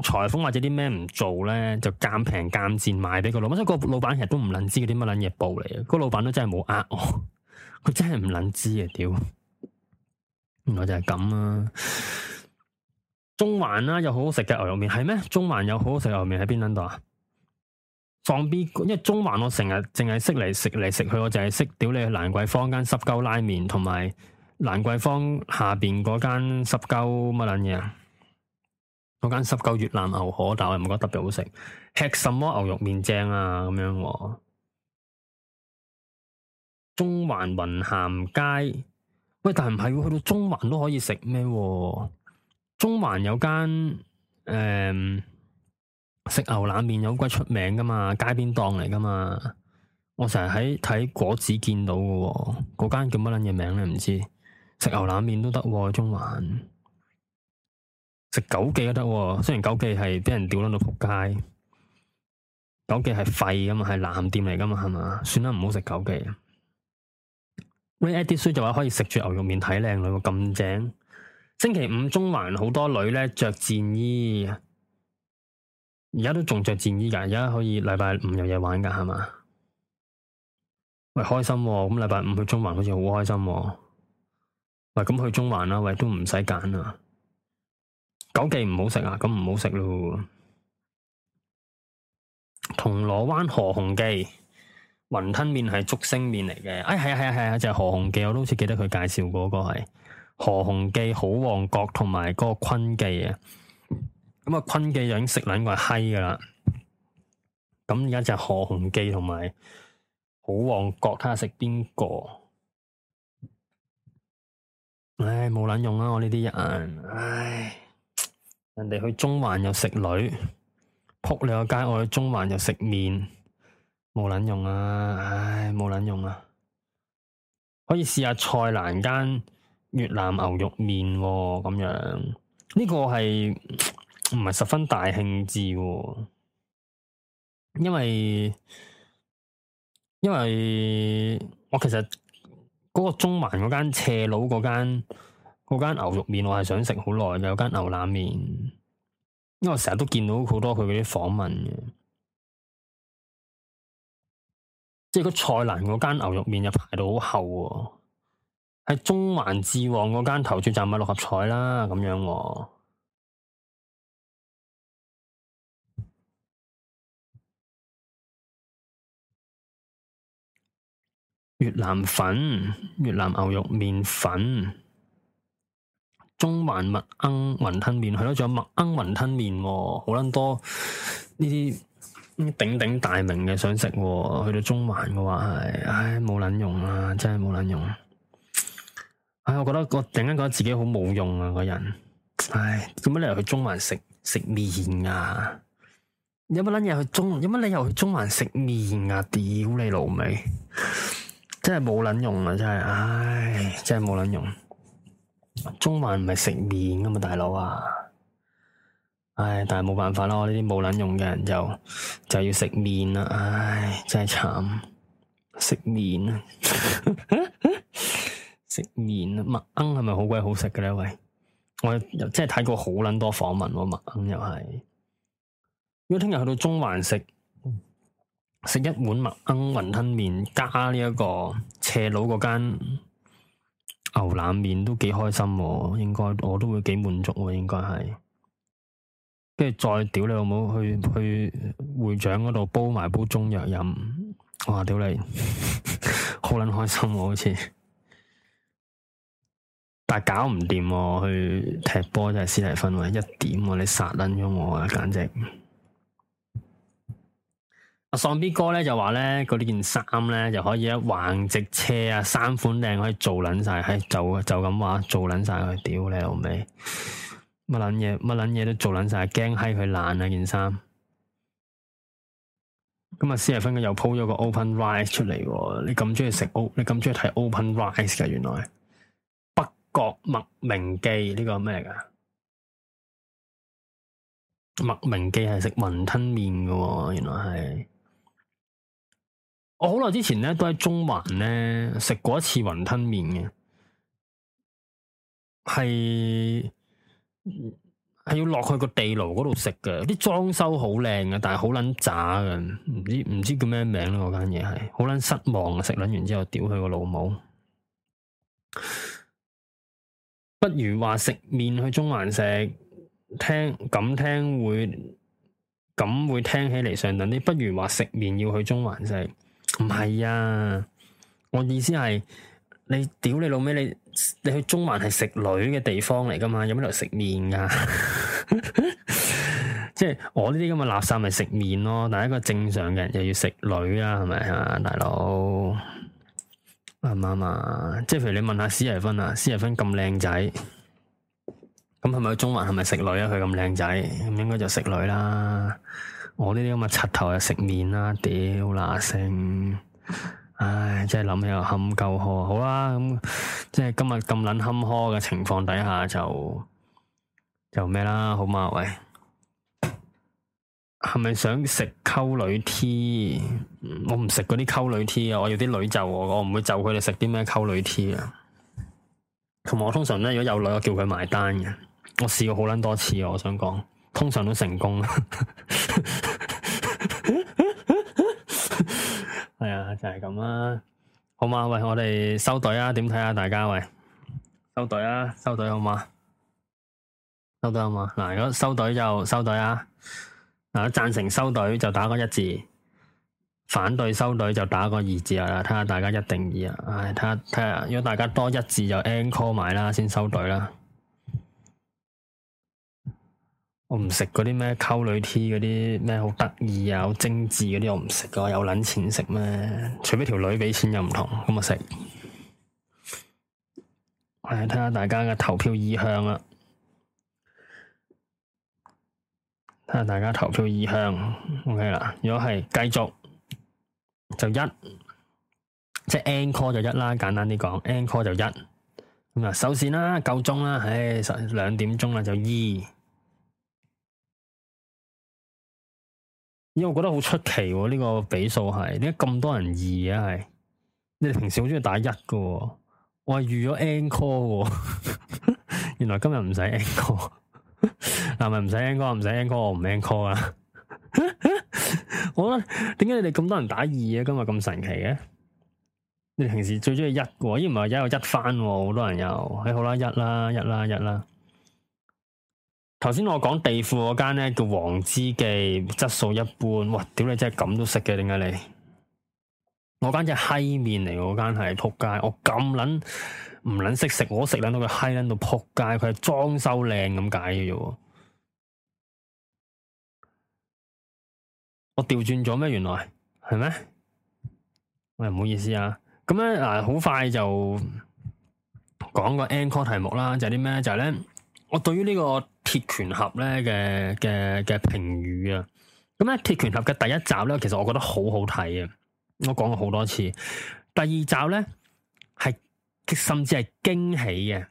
裁縫或者啲咩唔做咧，就奸平奸賤賣俾佢老。咁所以個老闆其實都唔捻知嗰啲乜捻嘢布嚟嘅，個老闆都真係冇呃我，佢 真係唔捻知啊，屌！原來就係咁啊！中環啦、啊，有好好食嘅牛肉麵係咩？中環有好好食牛肉麵喺邊撚度啊？放邊，因為中環我成日淨係識嚟食嚟食去，我淨係識屌你去蘭桂坊間濕鳩拉麵，同埋蘭桂坊下邊嗰間濕鳩乜撚嘢啊？嗰間濕鳩越南牛河，但我又唔覺得特別好食。吃什麼牛肉麵正啊？咁樣喎，中環雲咸街。喂，但係唔係會去到中環都可以食咩、啊？中環有間誒、嗯、食牛腩麵有好鬼出名噶嘛？街邊檔嚟噶嘛？我成日喺睇果子見到嘅、啊，嗰間叫乜捻嘢名咧？唔知食牛腩麵都得喎，中環食九記都得喎。雖然九記係俾人屌捻到仆街，九記係廢噶嘛？係藍店嚟噶嘛？係嘛？算啦，唔好食九記。read 啲書就話，可以食住牛肉麵睇靚女喎，咁正。星期五中環好多女咧着戰衣，而家都仲着戰衣噶，而家可以禮拜五有嘢玩噶，係嘛？喂，開心喎，咁禮拜五去中環好似好開心喎。喂，咁去中環啦，喂，都唔使揀啊。九記唔好食啊，咁唔好食咯。銅鑼灣何鴻記。雲吞麵係竹升麵嚟嘅，唉、哎，係啊係啊係啊，就係、啊啊、何洪記，我都好似記得佢介紹過嗰個係何洪記、好旺角同埋個坤記啊。咁啊，坤記就已經食另一個閪噶啦。咁而家就係何洪記同埋好旺角睇下食邊個。唉，冇撚用啊！我呢啲人，唉，人哋去中環又食女，扑你個街，我去中環又食麵。冇撚用啊！唉，冇撚用啊！可以試下蔡瀾間越南牛肉麵咁、喎、樣，呢、這個係唔係十分大興致、喎？因為因為我其實嗰個中環嗰間斜佬嗰間嗰間牛肉麵，我係想食好耐嘅，有間牛腩麵，因為我成日都見到好多佢嗰啲訪問嘅。即係個菜欄嗰間牛肉麵又排到好厚喎、哦，喺中環志旺嗰間投注站買六合彩啦，咁樣、哦、越南粉、越南牛肉麵粉、中環麥奀雲吞麵，係咯，仲有麥奀雲吞麵、哦，好撚多呢啲。頂頂大名嘅想食，哦，去到中環嘅話係，唉，冇卵用啦，啊，真係冇卵用，啊。唉，我覺得我突然覺得自己好冇用啊，個人。唉，做乜你又去中環食食麵啊？有乜卵嘢，去中？有乜理由去中環食麵啊？屌你老味，真係冇卵用啊！真係，唉，真係冇卵用。中環唔係食麵噶嘛，大佬啊！唉，但係冇辦法咯，我呢啲冇撚用嘅人就就要食麵啦，唉，真係慘，食麵啊，食麵啊，麥奀係咪好鬼好食嘅咧？喂，我又真係睇過好撚多訪問、啊，麥奀又係，如果聽日去到中環食食一碗麥奀雲吞麵，加呢一個斜佬嗰間牛腩麵，都幾開心喎，應該我都會幾滿足喎，應該係。跟住再屌你老母去去會長嗰度煲埋煲中藥飲，哇屌你，好捻 開心喎好似，但係搞唔掂、啊，去踢波真係斯蒂芬喎，一點我、啊、你殺捻咗我啊，簡直！阿、啊、喪 B 哥咧就話咧嗰件衫咧就可以一橫直車啊，三款靚可以做捻晒，係、哎、就就咁話做捻晒佢，屌你老味！乜捻嘢，乜捻嘢都做捻晒，驚閪佢爛啊件衫。今日四十分嘅又鋪咗個 open rice 出嚟，你咁中意食 open 你咁中意睇 open rice 嘅，原來北角麥明記呢、這個咩嚟噶？麥明記係食雲吞麵嘅，原來係。我好耐之前咧，都喺中環咧食過一次雲吞麵嘅，係。係要落去個地牢嗰度食嘅，啲裝修好靚啊，但係好捻渣嘅，唔知唔知叫咩名啦，啊。嗰間嘢係好捻失望啊！食捻完之後，屌佢個老母， 不如話食麵去中環食，聽咁聽會咁會聽起嚟，上等啲。不如話食麵要去中環食，唔係啊？我意思係。你屌你老味你，你去中環係食女嘅地方嚟噶嘛？有咩理由食麵噶？即係我呢啲咁嘅垃圾咪食麵咯。但係一個正常嘅人又要食女啊？係咪啊，大佬啱唔啱啊？即係譬如你問下史提芬啊，史提芬咁靚仔，咁係咪去中環係咪食女啊？佢咁靚仔，咁應該就食女啦。我呢啲咁嘅柒頭又食麵啦，屌嗱聲。唉，真係諗起又坎坷。好啦、啊，咁、嗯、即係今日咁捻坎坷嘅情況底下就，就就咩啦，好嘛？喂，係咪想食溝女 T？我唔食嗰啲溝女 T 啊，我要啲女就我，我唔會就佢哋食啲咩溝女 T 啊。同埋我通常咧，如果有女，我叫佢埋單嘅。我試過好捻多次啊，我想講，通常都成功。 係、哎就是、啊，就係咁啦，好嘛？喂，我哋收隊啊？點睇啊？大家喂，收隊啊，收隊好嘛？收隊好嘛？嗱，如果收隊就收隊啊，嗱，贊成收隊就打個一字，反對收隊就打個二字啊！睇下大家一定二啊！唉、哎，睇下睇下，如果大家多一字就 encore 埋啦，先收隊啦。我唔食嗰啲咩溝女 T 嗰啲，咩好得意啊，好精致嗰啲，我唔食噶，我有撚錢食咩？除非條女畀錢又唔同，咁啊食，嚟睇下大家嘅投票意向啦，睇下大家投票意向。OK 啦，如果係繼續就一，即係 encore 就一啦，簡單啲講 encore 就一。咁啊，首先啦，夠鐘啦，唉、欸，兩點鐘啦就二。因為、哎、我覺得好出奇呢、啊呢個比數係，點解咁多人二啊？係你哋平時好鍾意打一嘅、哦，我係預咗 N call 嘅， 原來今日唔使 N call，係咪唔使 N call？唔使 N call？唔 N call 好啊？我點解你哋咁多人打二啊？今日咁神奇嘅、啊？你平時最鍾意一嘅，咦、啊，唔係而家有一翻，好多人又，哎好啦，一啦，一啦，一啦。頭先我講地庫嗰間咧叫黃枝記，質素一般。哇，屌你真係咁都識嘅，點解你？我間嘢嗨面嚟，嗰間係撲街。我咁捻唔捻識食，我食捻到佢嗨捻到撲街。佢係裝修靚咁解嘅啫。我調轉咗咩？原來係咩？喂，唔、哎、好意思啊。咁咧啊，好快就講個 encore 題目啦，就係啲咩？就係、是、咧，我對於呢、這個。鐵拳俠咧嘅嘅嘅評語啊，咁咧鐵拳俠嘅第一集咧，其實我覺得好好睇啊，我講過好多次。第二集咧係甚至係驚喜嘅。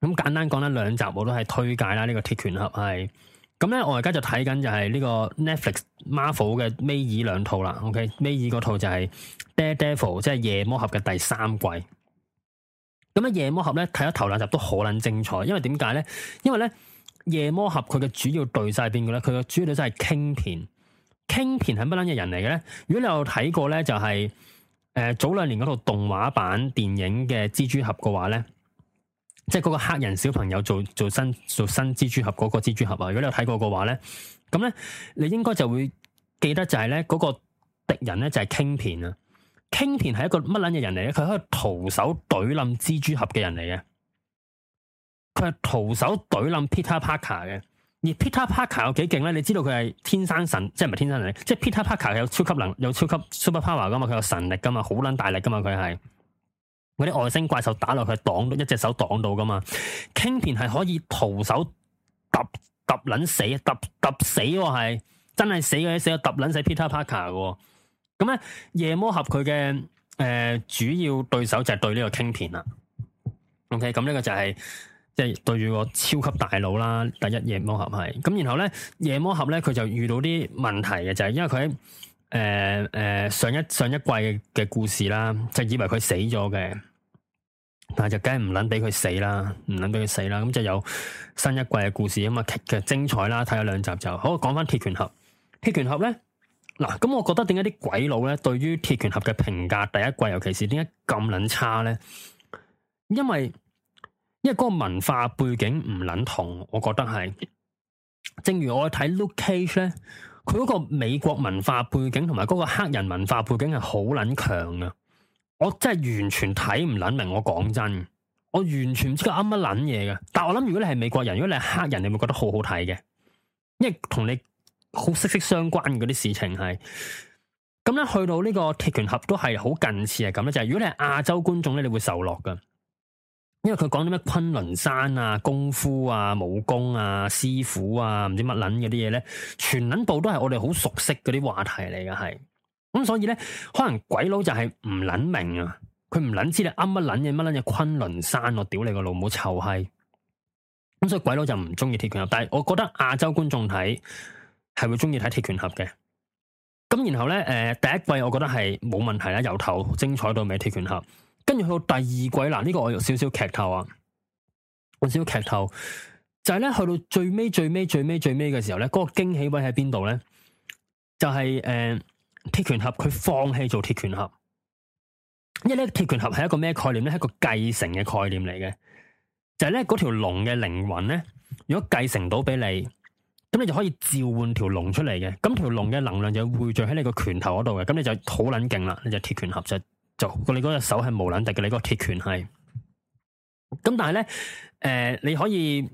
咁簡單講咧，兩集我都係推介啦。呢、這個鐵拳俠係咁咧，我而家就睇緊就係呢個 Netflix Marvel 嘅尾二兩套啦。OK，m 尾二嗰套就係、是《Daredevil》，即係夜魔俠嘅第三季。咁咧，夜魔俠咧睇咗頭兩集都好捻精彩，因為點解咧？因為咧。夜魔俠佢嘅主要對晒邊個咧？佢嘅主要對晒係 Kingpin。Kingpin 係乜捻嘅人嚟嘅咧？如果你有睇過咧、就是，就係誒早兩年嗰套動畫版電影嘅蜘蛛俠嘅話咧，即係嗰個黑人小朋友做做,做新做新蜘蛛俠嗰個蜘蛛俠啊。如果你有睇過嘅話咧，咁咧你應該就會記得就係咧嗰個敵人咧就係 Kingpin 啊。Kingpin 係一個乜捻嘅人嚟咧？佢喺度徒手懟冧蜘蛛俠嘅人嚟嘅。佢係徒手懟冧 Peter Parker 嘅，而 Peter Parker 有幾勁咧？你知道佢係天生神，即係唔係天生能力，即係 Peter Parker 有超級能，有超級 super power 噶嘛？佢有神力噶嘛？好撚大力噶嘛？佢係嗰啲外星怪獸打落去擋，一隻手擋到噶嘛？Kingpin 係可以徒手揼揼撚死，揼揼死係、啊、真係死嗰啲死，揼撚死 Peter Parker 噶，咁咧夜魔俠佢嘅誒主要對手就係對呢個 Kingpin 啦。OK，咁呢個就係、是。即係對住個超級大佬啦，第一夜魔俠係咁，然後咧夜魔俠咧佢就遇到啲問題嘅，就係因為佢喺誒誒上一上一季嘅故事啦，就以為佢死咗嘅，但係就梗係唔捻俾佢死啦，唔捻俾佢死啦，咁就有新一季嘅故事啊嘛，劇、嗯、嘅精彩啦，睇咗兩集就，好講翻鐵拳俠，鐵拳俠咧嗱，咁我覺得點解啲鬼佬咧對於鐵拳俠嘅評價第一季，尤其是點解咁捻差咧，因為。因為嗰個文化背景唔卵同，我覺得係，正如我睇 Luke Cage 咧，佢嗰個美國文化背景同埋嗰個黑人文化背景係好卵強噶，我真係完全睇唔卵明，我講真，我完全唔知佢啱乜卵嘢嘅。但係我諗，如果你係美國人，如果你係黑人，你會覺得好好睇嘅，因為同你好息息相關嗰啲事情係。咁咧去到呢個鐵拳俠都係好近似係咁咧，就係，是，如果你係亞洲觀眾咧，你會受落噶。因為佢講啲咩崑崙山啊、功夫啊、武功啊、師傅啊、唔知乜捻嗰啲嘢咧，全捻部都係我哋好熟悉嗰啲話題嚟㗎，係咁、嗯、所以咧，可能鬼佬就係唔捻明啊，佢唔捻知你啱乜捻嘢乜捻嘢，崑崙山，我屌你個老母臭閪，咁、嗯、所以鬼佬就唔中意鐵拳俠，但係我覺得亞洲觀眾睇係會中意睇鐵拳俠嘅，咁然後咧，誒、呃、第一季我覺得係冇問題啦，由頭精彩到尾鐵拳俠。跟住去到第二季啦，呢個我有少少劇透啊，我少少劇透就係咧，去到最尾最尾最尾最尾嘅時候咧，嗰個驚喜位喺邊度咧？就係誒，鐵拳俠佢放棄做鐵拳俠，因為咧，鐵拳俠係一個咩概念咧？係一個繼承嘅概念嚟嘅，就係咧，嗰條龍嘅靈魂咧，如果繼承到俾你，咁你就可以召喚條龍出嚟嘅，咁條龍嘅能量就會聚喺你個拳頭嗰度嘅，咁你就好捻勁啦，你就鐵拳俠就。就你嗰隻手係無捻敵嘅，你個鐵拳係咁，但係咧，誒、呃，你可以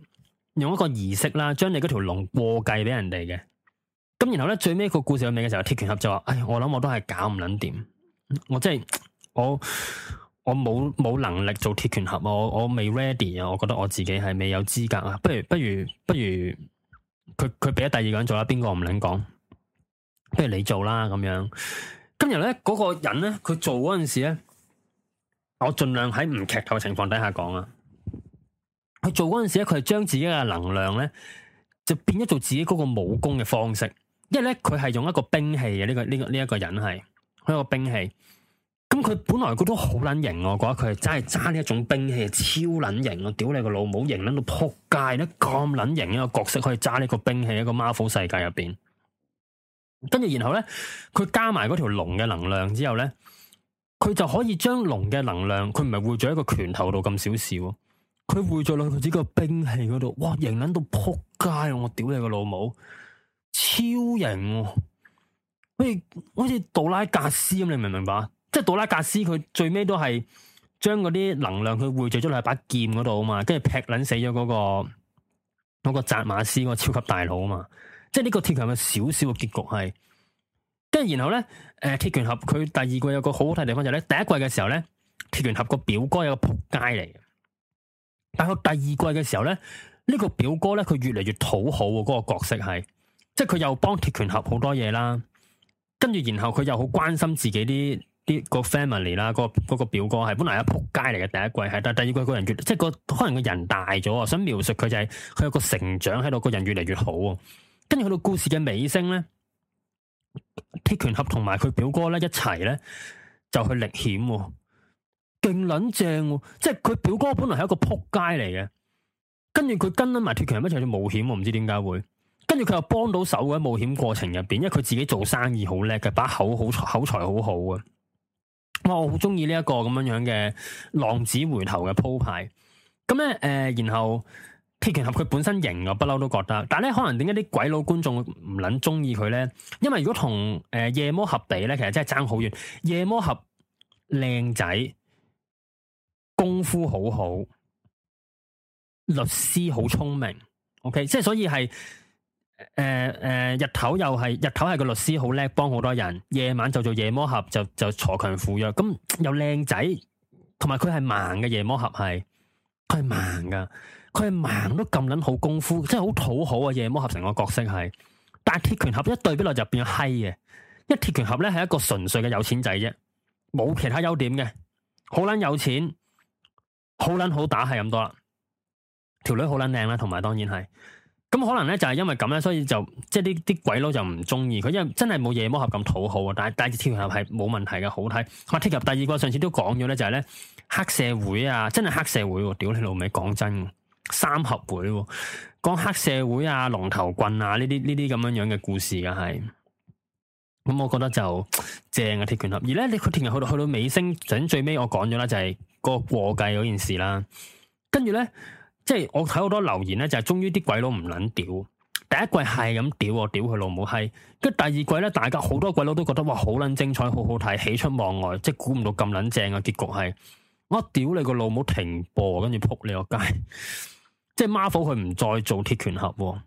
用一個儀式啦，將你嗰條龍過繼俾人哋嘅。咁然後咧，最尾個故事嘅名嘅時候，鐵拳俠就話，哎，我諗我都係搞唔捻掂，我真、就、係、是、我我冇冇能力做鐵拳俠，我我未 ready 啊，我覺得我自己係未有資格啊。不如不如不如，佢佢俾咗第二個人做啦，邊個唔捻講？不如你做啦，咁樣。今日咧，嗰、那個人咧，佢做嗰陣時咧，我盡量喺唔劇透嘅情況底下講啊。佢做嗰陣時咧，佢係將自己嘅能量咧，就變咗做自己嗰個武功嘅方式。因為咧，佢係用一個兵器嘅呢、這個呢、這個呢一、這個人係，佢有一個兵器。咁佢本來嗰都好撚型，我話佢係真係揸呢一種兵器超撚型，啊。屌你個老母，型撚到扑街咧，咁撚型一個角色，可以揸呢個兵器喺個 Marvel 世界入邊。跟住然後咧，佢加埋嗰條龍嘅能量之後咧，佢就可以將龍嘅能量，佢唔係匯聚喺個拳頭度咁少少，佢匯聚落佢自己個兵器嗰度，哇！型捻到撲街，我屌你個老母，超型！好好似杜拉格斯咁，你明唔明白？即係杜拉格斯，佢最尾都係將嗰啲能量，佢匯聚咗落去把劍嗰度啊嘛，跟住劈捻死咗嗰個嗰個扎馬斯嗰個超級大佬啊嘛。即係呢個鐵拳俠少少嘅結局係，跟住然後咧，誒，鐵拳俠佢第二季有個好好睇地方就係咧，第一季嘅時候咧，鐵拳俠個表哥有個仆街嚟嘅，但佢第二季嘅時候咧，呢個表哥咧，佢越嚟越討好嗰個角色係，即係佢又幫鐵拳俠好多嘢啦，跟住然後佢又好關心自己啲啲、個 family 啦，個嗰、個表哥係本來係一仆街嚟嘅第一季係，但係第二季個人越即係個可能個人大咗啊，想描述佢就係佢有個成長喺度，個人越嚟越好啊。跟住去到故事嘅尾聲咧，鐵拳俠同埋佢表哥咧一齊咧就去歷險，哦，勁撚正，哦，即係佢表哥本來係一個撲街嚟嘅，跟住佢跟埋鐵拳俠一齊去冒險，哦，我唔知點解會，跟住佢又幫到手嘅喺冒險過程入邊，因為佢自己做生意好叻嘅，把口好口才好好，好，好好啊，哇，我好中意呢一個咁樣樣嘅浪子回頭嘅鋪排，咁咧，誒然後。鐵拳俠佢本身型我不嬲都覺得，但係咧可能點解啲鬼佬觀眾唔捻中意佢咧？因為如果同誒、呃、夜魔俠比咧，其實真係爭好遠。夜魔俠靚仔，功夫好好，律師好聰明。OK，即係所以係誒誒，日頭又係日頭係個律師好叻，幫好多人。夜晚就做夜魔俠，就就鋤強扶弱。咁又靚仔，同埋佢係盲嘅。夜魔俠係，佢係盲噶。佢係盲都咁捻好功夫，真係好討好啊！夜魔俠成個角色係，但係鐵拳俠一對比落就變咗閪嘅。因為鐵拳俠咧係一個純粹嘅有錢仔啫，冇其他優點嘅，好捻有錢，好捻好打係咁、就是、多啦。條女好捻靚啦，同埋當然係。咁可能咧就係因為咁咧，所以就即係呢啲鬼佬就唔中意佢，因為真係冇夜魔俠咁討好啊！但係但係鐵拳俠係冇問題嘅，好睇。哇！鐵俠第二個上次都講咗咧，就係咧黑社會啊，真係黑社會喎、啊啊！屌你老味，講真。三合會，講黑社會啊、龍頭棍啊呢啲呢啲咁樣樣嘅故事嘅係，咁、嗯、我覺得就正嘅鐵拳俠。而咧，你佢聽日去到去到尾聲，陣，最尾我講咗啦，就係個過計嗰件事啦。跟住咧，即係我睇好多留言咧，就係、是、終於啲鬼佬唔捻屌，第一季係咁屌我屌佢老母閪，跟第二季咧，大家好多鬼佬都覺得哇好捻精彩，好好睇，喜出望外，即係估唔到咁捻正嘅結局係，我屌你個老母停播，跟住扑你個街。即係 Marvel 佢唔再做鐵拳俠，哦，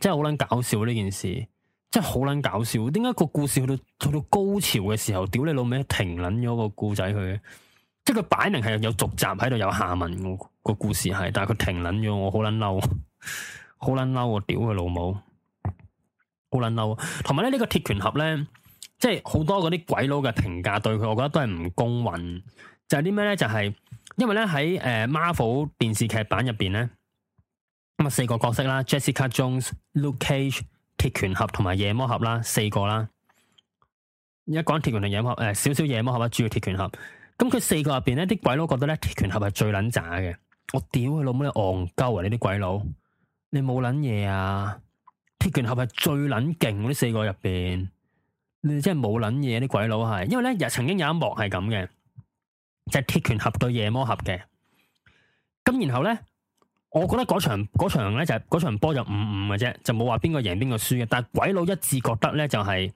真係好捻搞笑呢件事，真係好捻搞笑。點解個故事去到去到高潮嘅時候，屌你老味，停撚咗個故仔佢，即係佢擺明係有續集喺度，有下文個故事係，但係佢停撚咗，我好捻嬲，好捻嬲啊！屌佢老母，好捻嬲。同埋咧，呢個鐵拳俠咧，即係好多嗰啲鬼佬嘅評價對佢，我覺得都係唔公允。就係啲咩咧，就係、是。因為咧喺誒 Marvel 電視劇版入邊咧，咁啊四個角色啦，Jessica Jones、Luke Cage、鐵拳俠同埋夜魔俠啦，四個啦。而家講鐵拳同夜魔誒，少、哎、少夜魔俠啊，主要鐵拳俠。咁佢四個入邊咧，啲鬼佬覺得咧鐵拳俠係最撚渣嘅。我屌佢、啊、老母你戇鳩啊！你啲鬼佬，你冇撚嘢啊！鐵拳俠係最撚勁嗰啲四個入邊，你真係冇撚嘢啲鬼佬係。因為咧，有曾經有一幕係咁嘅。就鐵拳俠對夜魔俠嘅，咁然後咧，我覺得嗰場場咧就係、是、場波就五五嘅啫，就冇話邊個贏邊個輸嘅。但係鬼佬一致覺得咧就係、是、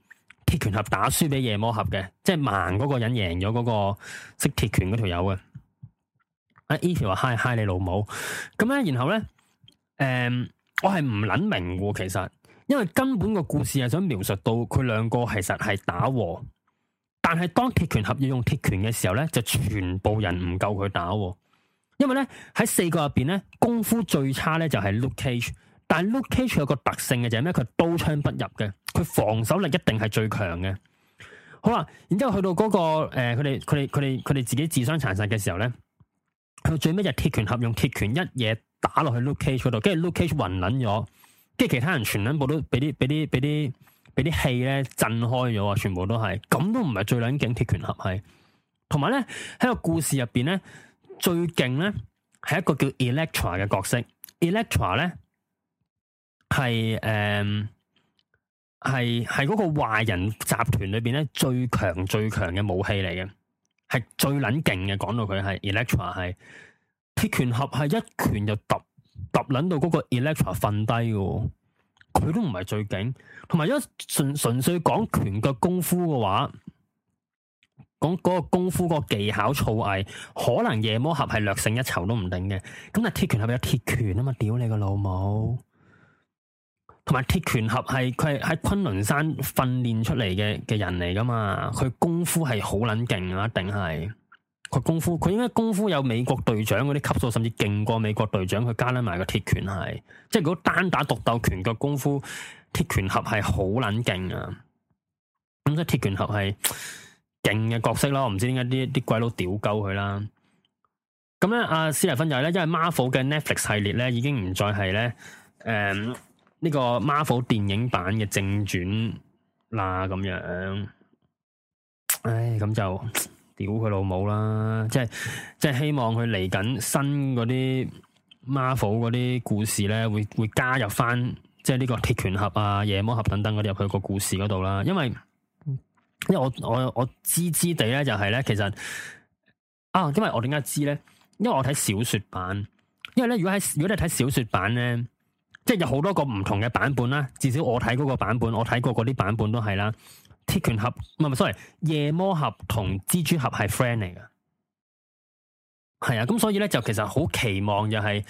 鐵拳俠打輸俾夜魔俠嘅，即、就、係、是、盲嗰個人贏咗嗰個識鐵拳嗰條友嘅。阿、啊、Eagle 話嗨嗨你老母，咁咧然後咧，誒、嗯，我係唔諗明嘅其實，因為根本個故事係想描述到佢兩個其實係打和。但係當鐵拳俠要用鐵拳嘅時候咧，就全部人唔夠佢打，因為咧喺四個入邊咧功夫最差咧就係 Luke Cage，但係 Luke Cage 有個特性嘅就係咩？佢刀槍不入嘅，佢防守力一定係最強嘅。好啦，啊，然之後去到嗰，嗰個誒，佢哋佢哋佢哋佢哋自己自相殘殺嘅時候咧，去到最尾就鐵拳俠用鐵拳一嘢打落去 Luke Cage 嗰度，跟住 Luke Cage 暈捻咗，跟住其他人全捻部都俾啲俾啲俾啲。俾啲氣咧震開咗啊！全部都係咁，都唔係最捻勁鐵拳俠係，同埋咧喺個故事入邊咧最勁咧係一個叫 Electra 嘅角色，Electra 咧係誒係係、呃、嗰個壞人集團裏邊咧最強最強嘅武器嚟嘅，係最捻勁嘅。講到佢係 Electra 係鐵拳俠係一拳就揼揼捻到嗰個 Electra 瞓低嘅。佢都唔係最勁，同埋如純純粹講拳腳功夫嘅話，講嗰個功夫、嗰個技巧、造詣，可能夜魔俠係略勝一籌都唔定嘅。咁但係鐵拳俠有鐵拳啊嘛，屌你個老母！同埋鐵拳俠係佢係喺崑崙山訓練出嚟嘅嘅人嚟噶嘛，佢功夫係好撚勁啊，一定係。佢功夫，佢應該功夫有美國隊長嗰啲級數，甚至勁過美國隊長。佢加拉埋個鐵拳係，即係如果單打獨鬥拳腳功夫，鐵拳俠係好撚勁啊！咁所以鐵拳俠係勁嘅角色咯。我唔知點解啲啲鬼佬屌鳩佢啦。咁咧，阿、啊、斯萊芬就係、是、咧，因為 Marvel 嘅 Netflix 系列咧已經唔再係咧，誒、嗯、呢、這個 Marvel 電影版嘅正傳啦，咁樣。唉，咁就。屌佢老母啦！即係即係希望佢嚟緊新嗰啲 Marvel 嗰啲故事咧，會會加入翻即係呢個鐵拳俠啊、夜魔俠等等嗰啲入去個故事嗰度啦。因為因為我我我，我知知地咧就係咧，其實啊，因為我點解知咧？因為我睇小說版。因為咧，如果喺如果你睇小說版咧，即係有好多個唔同嘅版本啦。至少我睇嗰個版本，我睇過嗰啲版本都係啦。鐵拳俠唔係，sorry，夜魔俠同蜘蛛俠係 friend 嚟㗎，係啊，咁所以咧就其實好期望就係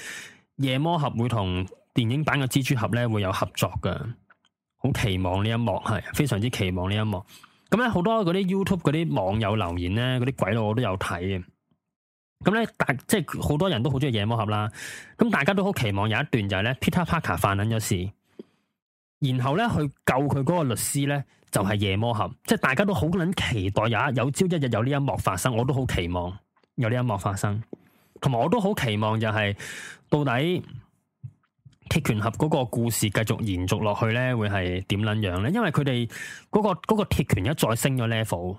夜魔俠會同電影版嘅蜘蛛俠咧會有合作㗎，好期望呢一幕係非常之期望呢一幕。咁咧好多嗰啲 YouTube 嗰啲網友留言咧，嗰啲鬼佬我都有睇嘅。咁、嗯、咧大即係好多人都好中意夜魔俠啦，咁、嗯、大家都好期望有一段就係咧 Peter Parker 犯緊咗事，然後咧去救佢嗰個律師咧。就係夜魔俠，即係大家都好捻期待呀，有朝一日有呢一幕發生，我都好期望有呢一幕發生，同埋我都好期望就係到底鐵拳俠嗰個故事繼續延續落去咧，會係點捻樣咧？因為佢哋嗰個嗰個鐵拳一再升咗 level，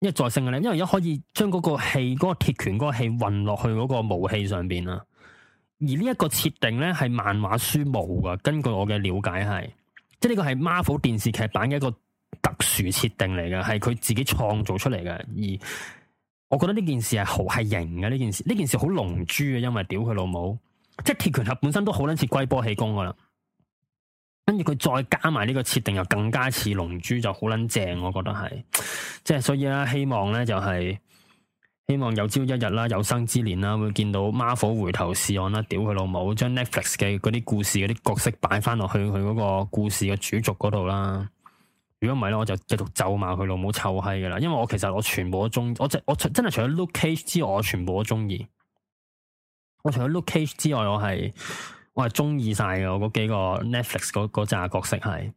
一再升嘅 level，因為一可以將嗰個氣嗰個鐵拳嗰個氣運落去嗰個武器上邊啦。而呢一個設定咧係漫畫書冇㗎，根據我嘅了解係。即係呢個係 Marvel 電視劇版嘅一個特殊設定嚟嘅，係佢自己創造出嚟嘅。而我覺得呢件事係好係型嘅呢件事，呢件事好龍珠呀，因為屌佢老母，即係鐵拳俠本身都好捻似龜波氣功噶啦，跟住佢再加埋呢個設定又更加似龍珠就好捻正，我覺得係，即係所以啦，希望咧就係、是。希望有朝一日啦，有生之年啦，會見到 Marvel 回頭是岸啦，屌佢老母，將 Netflix 嘅嗰啲故事嗰啲角色擺翻落去佢嗰個故事嘅主軸嗰度啦。如果唔係咧，我就繼續咒罵佢老母臭閪噶啦。因為我其實我全部都中，我即我真係除咗 Luke Cage 之外，我全部都中意。我除咗 Luke Cage 之外，我係我係中意晒噶，我嗰幾個 Netflix 嗰嗰紮角色係。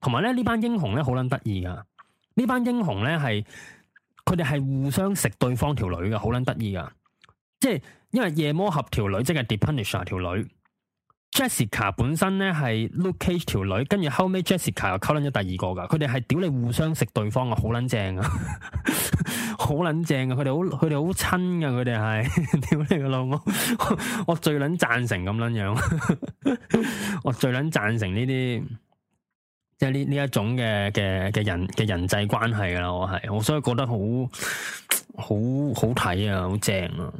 同埋咧，呢班英雄咧好捻得意噶，呢班英雄咧係。佢哋係互相食對方條女嘅，好撚得意噶。即係因為夜魔俠條女即係 The Punisher 條女，Jessica 本身咧係 Luke Cage 條女，跟住後尾 Jessica 又溝撚咗第二個噶。佢哋係屌你互相食對方啊，好撚正啊，好撚正啊，佢哋好佢哋好親噶，佢哋係屌你個老母， 我最撚贊成咁撚樣， 我最撚贊成呢啲。 即係呢呢一種嘅嘅嘅人嘅人際關係噶啦，我係我所以覺得好好好睇啊，好正啊！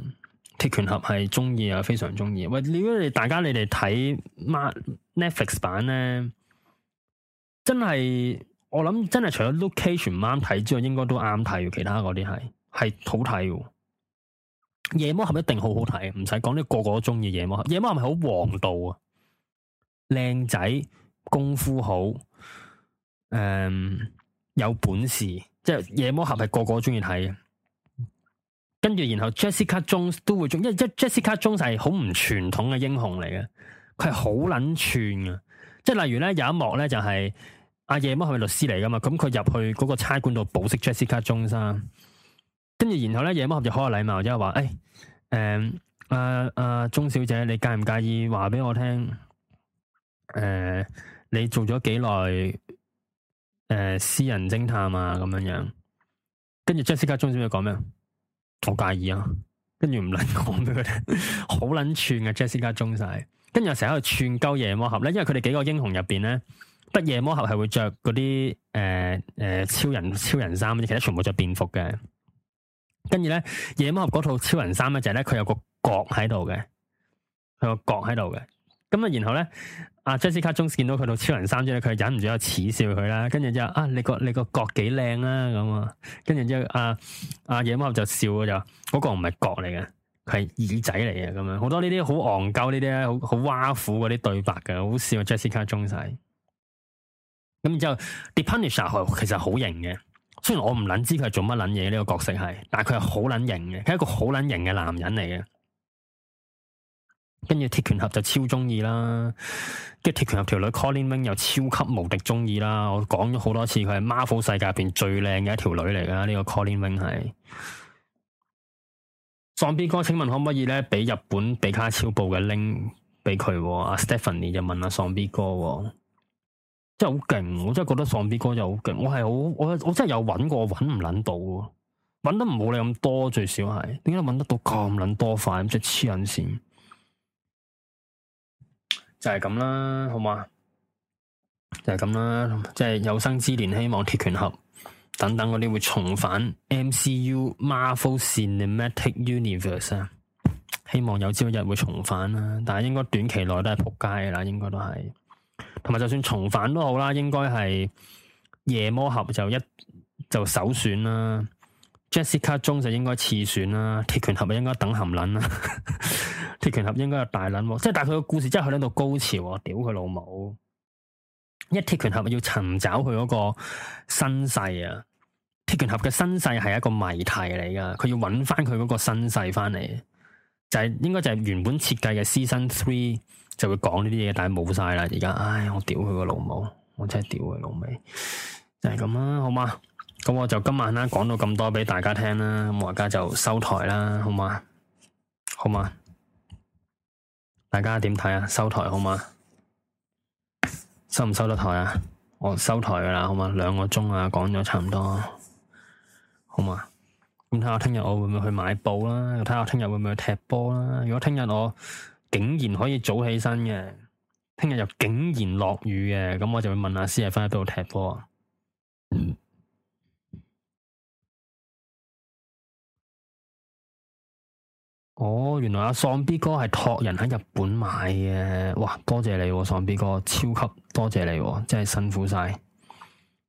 鐵拳俠係中意啊，非常中意。喂，如果你大家你哋睇 Netflix 版咧，真係我諗真係除咗 location 唔啱睇之外，應該都啱睇啊。其他嗰啲係係好睇嘅啊。夜魔俠一定好好睇，唔使講，啲個個都中意夜魔俠。夜魔俠係好王道啊，靚仔功夫好。誒，um, 有本事即係夜魔俠係個個中意睇嘅，跟住然後 Jessica Jones 都會中，因為即係 Jessica Jones 係好唔傳統嘅英雄嚟嘅，佢係好捻串啊。即係例如咧有一幕咧就係、是、阿、啊、夜魔俠係律師嚟噶嘛，咁佢入去嗰個差館度保釋 Jessica Jones 跟住然後咧夜魔俠就好有禮貌，即係話誒，誒、哎，阿阿鍾小姐，你介唔介意話俾我聽？誒、啊，你做咗幾耐？誒、呃，私人偵探啊，咁樣樣，跟住 Jessica 中先佢講咩？我介意啊，跟住唔捻講俾佢哋，好捻串嘅 Jessica 中晒，跟住成日喺度串鳩夜魔俠咧，因為佢哋幾個英雄入邊咧，得夜魔俠係會着嗰啲誒誒超人超人衫，其他全部着便服嘅。跟住咧，夜魔俠嗰套超人衫咧就係咧，佢有個角喺度嘅，佢個角喺度嘅，咁啊然後咧。阿 Jessica 鍾見到佢套超人三啫，佢係忍唔住喺度恥笑佢啦。跟住之後啊，你個你個角幾靚啊咁啊。跟住之後阿阿野貓就笑佢就、那個、就，嗰個唔係角嚟嘅，佢係耳仔嚟嘅咁樣。好多呢啲好戇鳩呢啲咧，好好挖苦嗰啲對白嘅，好笑 Jessica 中晒。咁然之後 The Punisher 佢其實好型嘅，雖然我唔撚知佢係做乜撚嘢呢個角色係，但係佢係好撚型嘅，佢係一個好撚型嘅男人嚟嘅。跟住鐵拳俠就超中意啦，跟住鐵拳俠條女 Calling Wing 又超級無敵中意啦。我講咗好多次，佢係 Marvel 世界入邊最靚嘅一條女嚟噶。呢、這個 Calling Wing 係喪 B 哥，請問可唔可以咧俾日本比卡超部嘅 Link 俾佢、啊？阿、啊、Stephanie 就問阿、啊、喪 B 哥、啊，真係好勁，我真係覺得喪 B 哥就好勁。我係好，我我真係有搵過，搵唔捻到，搵得唔好你咁多，最少係點解搵得到咁捻多塊咁？即係黐捻線。就係咁啦，好嘛？就係咁啦，即係有生之年，希望鐵拳俠等等嗰啲會重返 MCU Marvel Cinematic Universe 啊！希望有朝一日會重返啦，但係應該短期內都係仆街噶啦，應該都係。同埋就算重返都好啦，應該係夜魔俠就一就首選啦，Jessica Jones 就應該次選啦，鐵拳俠應該等含撚啦。 鐵拳俠應該有大捻，即係但係佢個故事真係去到高潮啊！屌佢老母，一鐵拳俠要尋找佢嗰個身世啊！鐵拳俠嘅身世係一個謎題嚟噶，佢要揾翻佢嗰個身世翻嚟，就係、是、應該就係原本設計嘅 season three 就會講呢啲嘢，但係冇晒啦，而家唉，我屌佢個老母，我真係屌佢老味，就係咁啦，好嘛？咁我就今晚啦，講到咁多俾大家聽啦，咁我而家就收台啦，好嘛？好嘛？大家點睇啊？收台好嘛？收唔收得台啊？我收台噶啦，好嘛？兩個鐘啊，講咗差唔多，好嘛？咁睇下聽日我會唔會去買布啦？又睇下聽日會唔會踢波啦？如果聽日我竟然可以早起身嘅，聽日又竟然落雨嘅，咁我就會問阿師爺翻去邊度踢波啊？嗯哦，原來阿喪 B 哥係托人喺日本買嘅，哇！多謝你，喎，喪 B 哥，超級多謝你，喎，真係辛苦晒。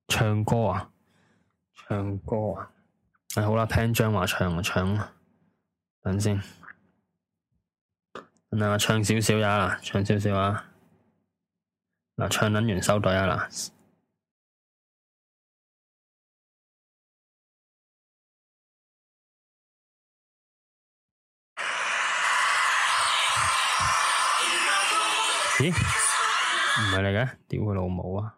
唱歌啊！唱歌啊！哎，好啦，聽張華唱，啊！唱，啊！等先。等嗱，唱少少呀，唱少少啊。嗱，唱撚完收隊啊啦。咦？唔係你嘅，屌佢老母啊！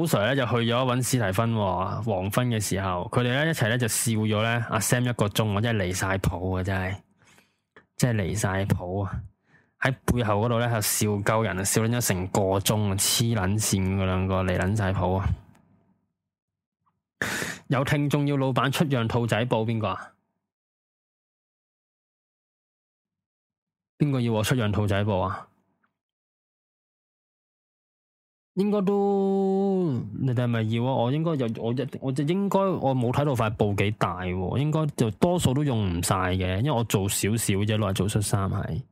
好 Sir 咧就去咗揾史提芬，黃昏嘅時候，佢哋咧一齊咧就笑咗咧阿 Sam 一個鐘，我真係離晒譜啊，真係，真係離晒譜啊！喺背後嗰度咧喺度笑鳩人，笑撚咗成個鐘啊，黐捻綫嗰兩個離撚晒譜啊！有聽眾要老闆出讓兔仔布邊個啊？邊個要我出讓兔仔布啊？應該都你哋係咪要啊？我應該有我一我就應該我冇睇到塊布幾大啊，應該就多數都用唔晒嘅，因為我做少少啫，攞嚟做恤衫係。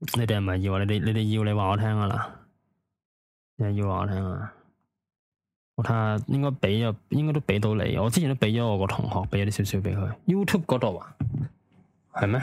你哋係咪要啊？你哋你哋要你話我聽啊啦，你係要話我聽啊？我睇下應該俾咗，應該都俾到你。我之前都俾咗我個同學俾咗啲少少俾佢。YouTube 嗰度啊？係咩？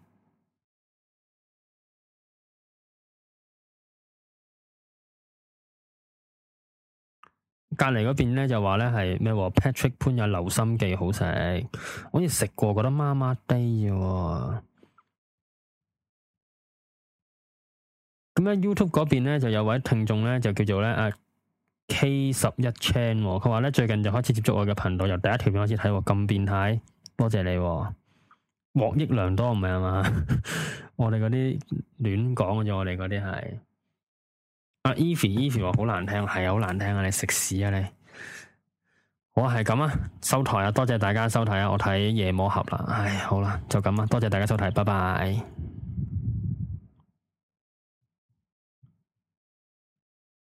隔籬嗰邊咧就話咧係咩？Patrick 潘有流心記好食，好似食過覺得麻麻哋啫。咁喺 YouTube 嗰邊咧就有位聽眾咧就叫做咧啊 K 十一 Chan，佢話咧最近就開始接觸我嘅頻道，由第一條片開始睇，咁、哦、變態，多謝你、哦，獲益良多唔係啊嘛？ 我哋嗰啲亂講嘅啫，我哋嗰啲係。啊，Evie，Evie 話好難聽，係啊、uh, oh, yes, well, so,，好難聽啊！你食屎啊你！我係咁啊，收台啊，多謝大家收睇啊！我睇夜魔俠啦，唉，好啦，就咁啊，多謝大家收睇，拜拜。